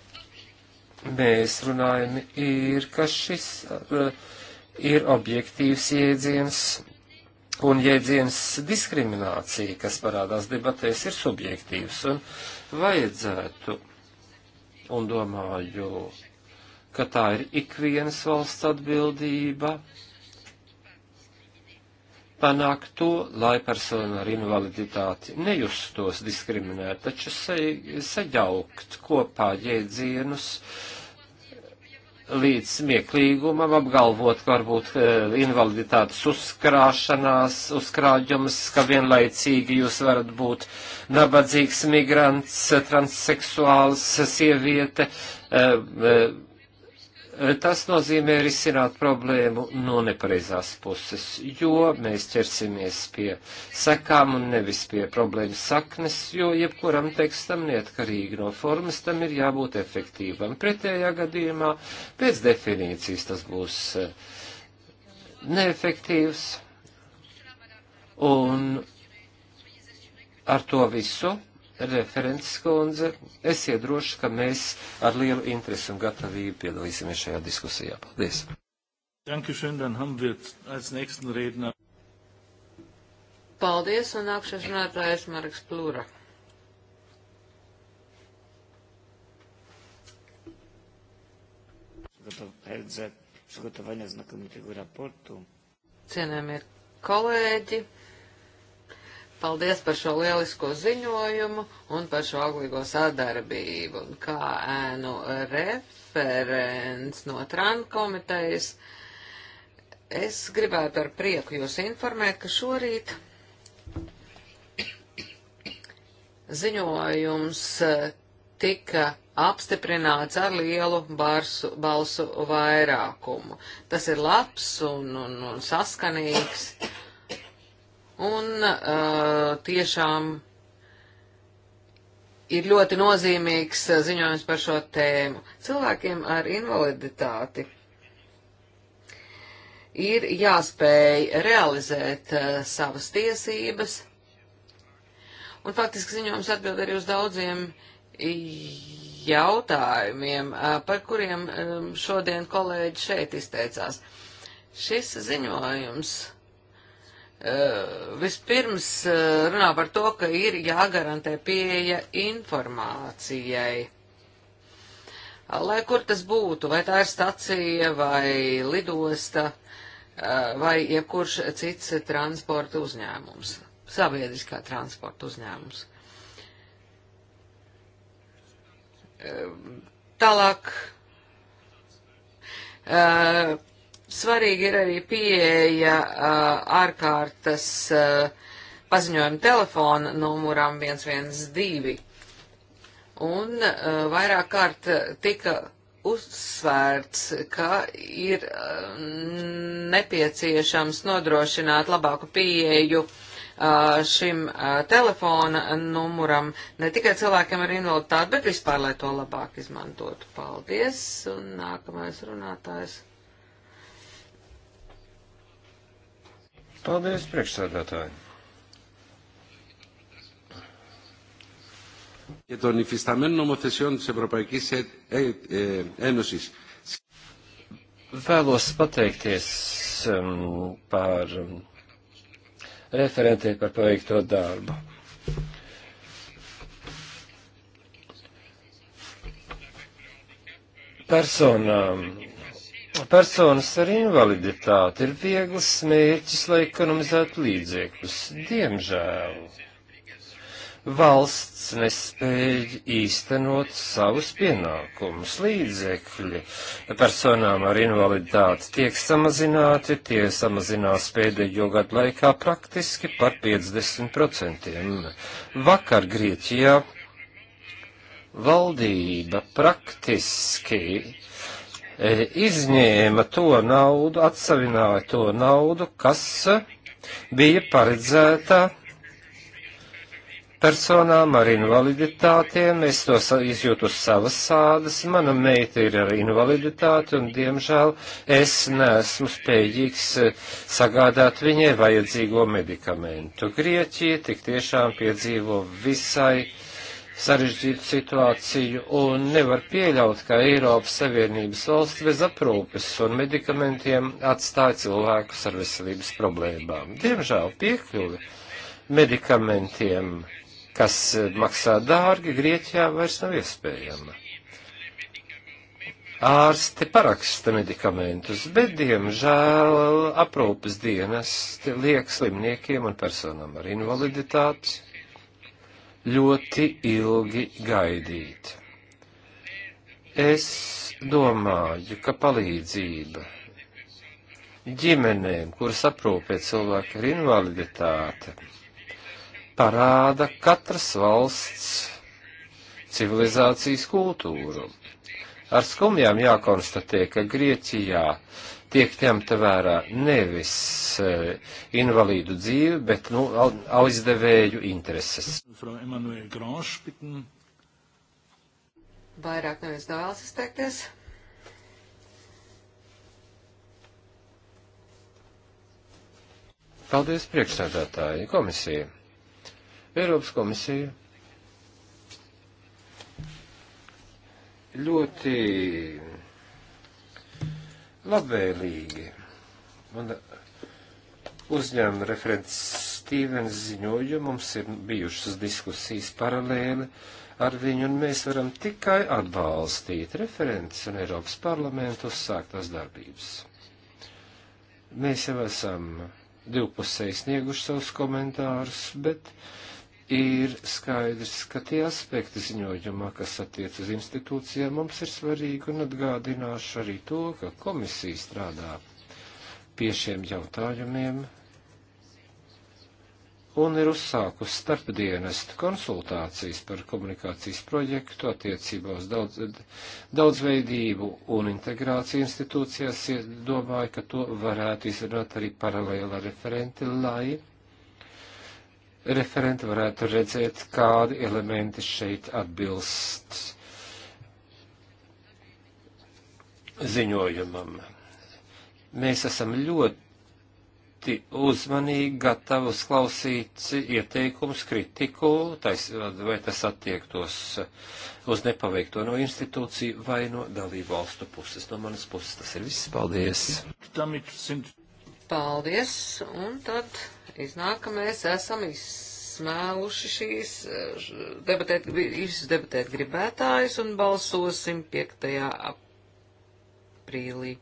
mēs runājam, ir, ka šis e, ir objektīvs jēdziens Un jēdziens diskriminācija, kas parādās debatēs, ir subjektīvs un vajadzētu, un domāju, ka tā ir ikvienas valsts atbildība panākt to, lai persona ar invaliditāti nejustos diskriminēt, taču sajaukt kopā jēdzienus. Uh, līdz smieklīgumam apgalvot, ka varbūt eh, invaliditātes uzkrāšanās, uzkrāģums, ka vienlaicīgi jūs varat būt nabadzīgs migrants, transseksuāls, sieviete, eh, eh, Tas nozīmē risināt problēmu no nepareizās puses, jo mēs ķersimies pie sekām un nevis pie problēmas saknes, jo jebkuram tekstam neatkarīgi no formas tam ir jābūt efektīvam. Pretējā gadījumā pēc definīcijas tas būs eh, neefektīvs un ar to visu referents kundze, esiet droši, ka mēs ar lielu interesi un gatavību piedalīsimies šajā diskusijā. Paldies! Paldies, un nākšais runātājs Marks Plūra. Cienējamie kolēģi, Paldies par šo lielisko ziņojumu un par šo auglīgo sadarbību. Kā ēnu referents no Tran komitejas, es gribētu ar prieku jūs informēt, ka šorīt ziņojums eh, tika apstiprināts ar lielu barsu, balsu vairākumu. Tas ir labs un, un, un saskanīgs Un uh, tiešām ir ļoti nozīmīgs uh, ziņojums par šo tēmu. Cilvēkiem ar invaliditāti ir jāspēj realizēt uh, savas tiesības, un faktiski ziņojums atbild arī uz daudziem jautājumiem, uh, par kuriem um, šodien kolēģi šeit izteicās. Šis ziņojums Eh, vispirms eh, runā par to, ka ir jāgarantē pieeja informācijai. Lai kur tas būtu, vai tā ir stacija, vai lidosta, eh, vai jebkurš cits transporta uzņēmums, sabiedriskā transporta uzņēmums. Tālāk Svarīgi ir arī pieeja uh, ārkārtas uh, paziņojuma telefona numuram 112. Un uh, vairāk kārt tika uzsvērts, ka ir uh, nepieciešams nodrošināt labāku pieeju uh, šim uh, telefona numuram ne tikai cilvēkiem ar invaliditāti, bet vispār, lai to labāk izmantotu. Paldies, un nākamais runātājs. Paldies, priekšsēdētāji. και των υφισταμένων νομοθεσιών της Ευρωπαϊκής Ένωσης. Vēlos pateikties um, par um, referentei par paveikto darbu. Personām, personas ar invaliditāti ir viegls mērķis, lai ekonomizētu līdzekļus. Diemžēl valsts nespēja īstenot savus pienākumus. Līdzekļi personām ar invaliditāti tiek samazināti, tie samazinās pēdējo gadu laikā praktiski par 50%. Vakar Grieķijā valdība praktiski E, izņēma to naudu, atsavināja to naudu, kas bija paredzēta personām ar invaliditātiem. Es to izjūtu uz savas sādas. Mana meita ir ar invaliditāti un, diemžēl, es nesmu spējīgs e, sagādāt viņai vajadzīgo medikamentu. Grieķija tik tiešām piedzīvo visai sarežģītu situāciju un nevar pieļaut, ka Eiropas Savienības valsts bez aprūpes un medikamentiem atstāja cilvēkus ar veselības problēmām. Diemžēl piekļuvi medikamentiem, kas maksā dārgi, Grieķijā vairs nav iespējama. Ārsti paraksta medikamentus, bet, diemžēl, aprūpes dienas liek slimniekiem un personām ar invaliditāti ļoti ilgi gaidīt. Es domāju, ka palīdzība ģimenēm, kuras aprūpē cilvēku ar invaliditāti, parāda katras valsts civilizācijas kultūru. Ar skumjām jākonstatē, ka Grieķijā uh, tiek ņemta vērā nevis eh, invalīdu dzīve, bet nu, aizdevēju intereses. Vairāk nevis dāls izteikties. Paldies priekšsēdētāji, komisija, Eiropas komisija. Ļoti labvēlīgi. Un uzņēma referents Stīvens ziņoju, mums ir bijušas diskusijas paralēli ar viņu, un mēs varam tikai atbalstīt referents un Eiropas parlamentu uzsāktās darbības. Mēs jau esam divpusēji snieguši savus komentārus, bet ir skaidrs, ka tie aspekti ziņojumā, kas attiec uz institūcijām, mums ir svarīgi un atgādināšu arī to, ka komisija strādā pie šiem jautājumiem un ir uzsākusi starpdienestu konsultācijas par komunikācijas projektu attiecībā uz daudz, daudzveidību un integrāciju institūcijās. Domāju, ka to varētu izrunāt arī paralēli ar referenti, lai referenti varētu redzēt, kādi elementi šeit atbilst ziņojumam. Mēs esam ļoti uzmanīgi gatavi uzklausīt ieteikumus, kritiku, tais, vai tas attiektos uz nepaveikto no institūciju vai no dalību valstu puses. No manas puses tas ir viss. Paldies! Paldies! Un tad Iznāk, ka mēs esam izsmēluši šīs eh, debatēt, visus debatēt gribētājus un balsosim 5. aprīlī.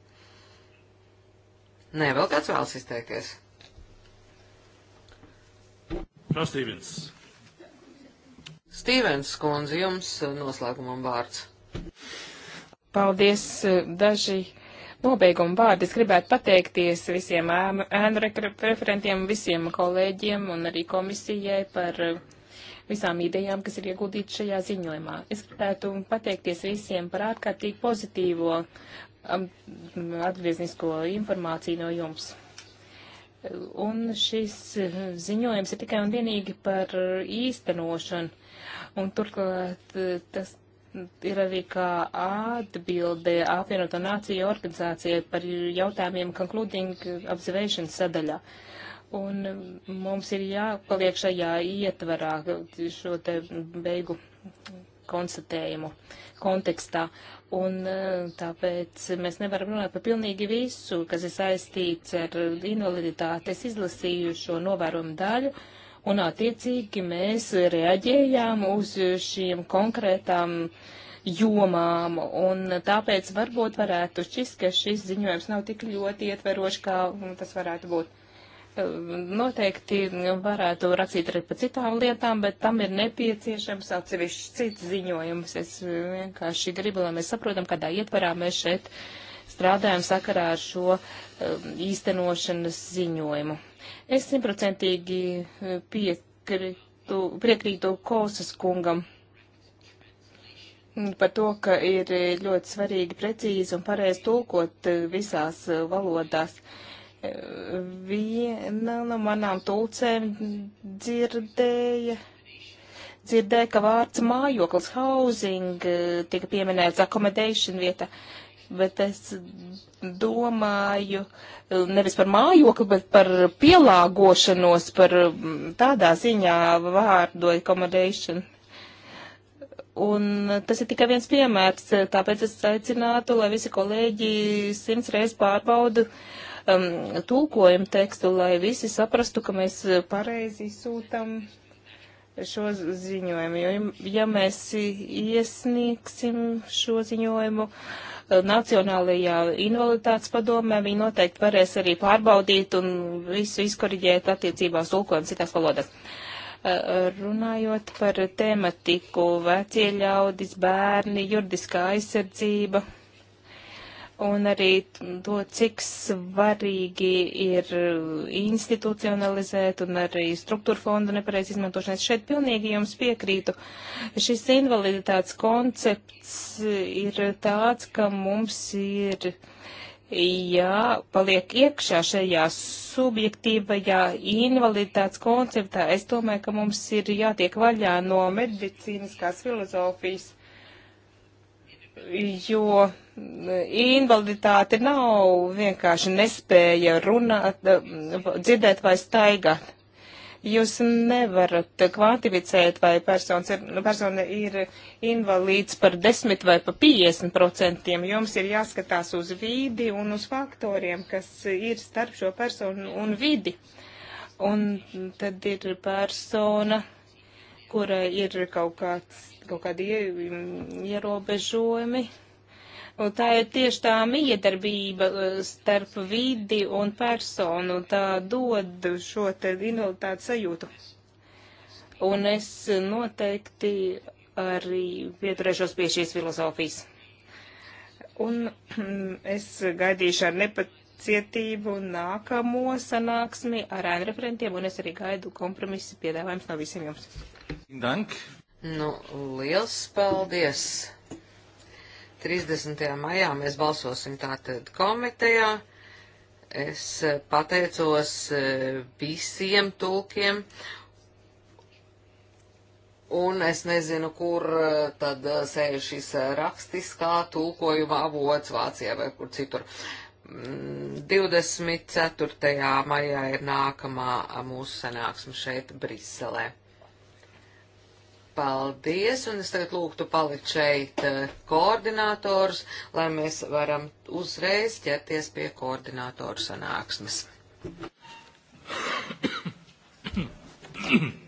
Nē, vēl kāds vēlas izteikties? No Stīvens. Stīvens skundze, jums eh, noslēgumam vārds. Paldies, eh, daži nobeiguma vārdu es gribētu pateikties visiem ēnu referentiem, visiem kolēģiem un arī komisijai par eh, visām idejām, kas ir ieguldītas šajā ziņojumā. Es gribētu pateikties visiem par ārkārtīgi pozitīvo atgrieznisko informāciju no jums. Un šis eh, ziņojums ir tikai un vienīgi par eh, īstenošanu. Un turklāt tas ir arī kā atbilde apvienoto nāciju organizācijai par jautājumiem concluding observation sadaļā. Un mums ir jāpaliek šajā ietvarā šo te beigu konstatējumu kontekstā. Un eh, tāpēc mēs nevaram runāt par pilnīgi visu, kas ir saistīts ar invaliditāti. Es izlasīju šo novērojumu daļu. Uh, un attiecīgi mēs reaģējām uz šiem konkrētām jomām, un tāpēc varbūt varētu šķist, ka šis ziņojums nav tik ļoti ietverošs, kā tas varētu būt. Ehm, noteikti varētu rakstīt arī par citām lietām, bet tam ir nepieciešams atsevišķs cits ziņojums. Es vienkārši gribu, lai mēs saprotam, kādā ietvarā mēs šeit strādājam sakarā ar šo ehm, īstenošanas ziņojumu. Es simtprocentīgi eh, piekritu, piekrītu Kosas kungam par to, ka ir eh, ļoti svarīgi precīzi un pareizi tulkot eh, visās valodās. Viena no manām tulcēm dzirdēja dzirdēju, ka vārds mājoklis, housing, tika pieminēts accommodation vieta. Uh, bet es domāju nevis par mājokli, bet par pielāgošanos, par mm, tādā ziņā vārdu accommodation. Un tas ir tikai viens piemērs, tāpēc es aicinātu, lai visi kolēģi simts reizes pārbaudu um, tulkojumu tekstu, lai visi saprastu, ka mēs pareizi sūtam šo ziņojumu. Jo, ja mēs iesniegsim šo ziņojumu, uh, Eh, Nacionālajā invaliditātes padomē viņi noteikti varēs arī pārbaudīt un visu izkoriģēt attiecībā uz tulkojumu citās valodās. Eh, runājot par tematiku, vecie ļaudis, bērni, juridiskā aizsardzība un arī to, cik svarīgi ir institucionalizēt un arī struktūra fondu nepareiz izmantošanas. Šeit pilnīgi jums piekrītu. Šis invaliditātes koncepts ir tāds, ka mums ir jāpaliek iekšā šajā subjektīvajā invaliditātes konceptā. Es domāju, ka mums ir jātiek vaļā no medicīniskās filozofijas jo eh, invaliditāte nav vienkārši nespēja runāt, eh, dzirdēt vai staigāt. Jūs nevarat kvantificēt, vai persons ir, persona ir invalīds par 10 vai par 50 procentiem. Jums ir jāskatās uz vidi un uz faktoriem, kas ir starp šo personu un vidi. Un tad ir persona, kura ir kaut kāds kaut kādi ierobežojumi. Un tā ir tieši tā miedarbība e, starp vidi un personu, un tā dod šo te invaliditātes sajūtu. Un es noteikti arī pieturēšos pie šīs filozofijas. Un es gaidīšu ar nepacietību nākamo sanāksmi ar ēnreferentiem, un es arī gaidu kompromisu piedāvājums no visiem jums. Dank. Nu, liels paldies! 30. maijā mēs balsosim tātad komitejā. Es eh, pateicos eh, visiem tulkiem Un es nezinu, kur eh, tad sēž šis rakstiskā tulkojuma avots Vācijā vai kur citur. 24. Mm, maijā ir nākamā mūsu sanāksme šeit Briselē. Paldies, un es tagad lūgtu palikt šeit eh, koordinātors, lai mēs varam uzreiz ķerties pie koordinātoru sanāksmes.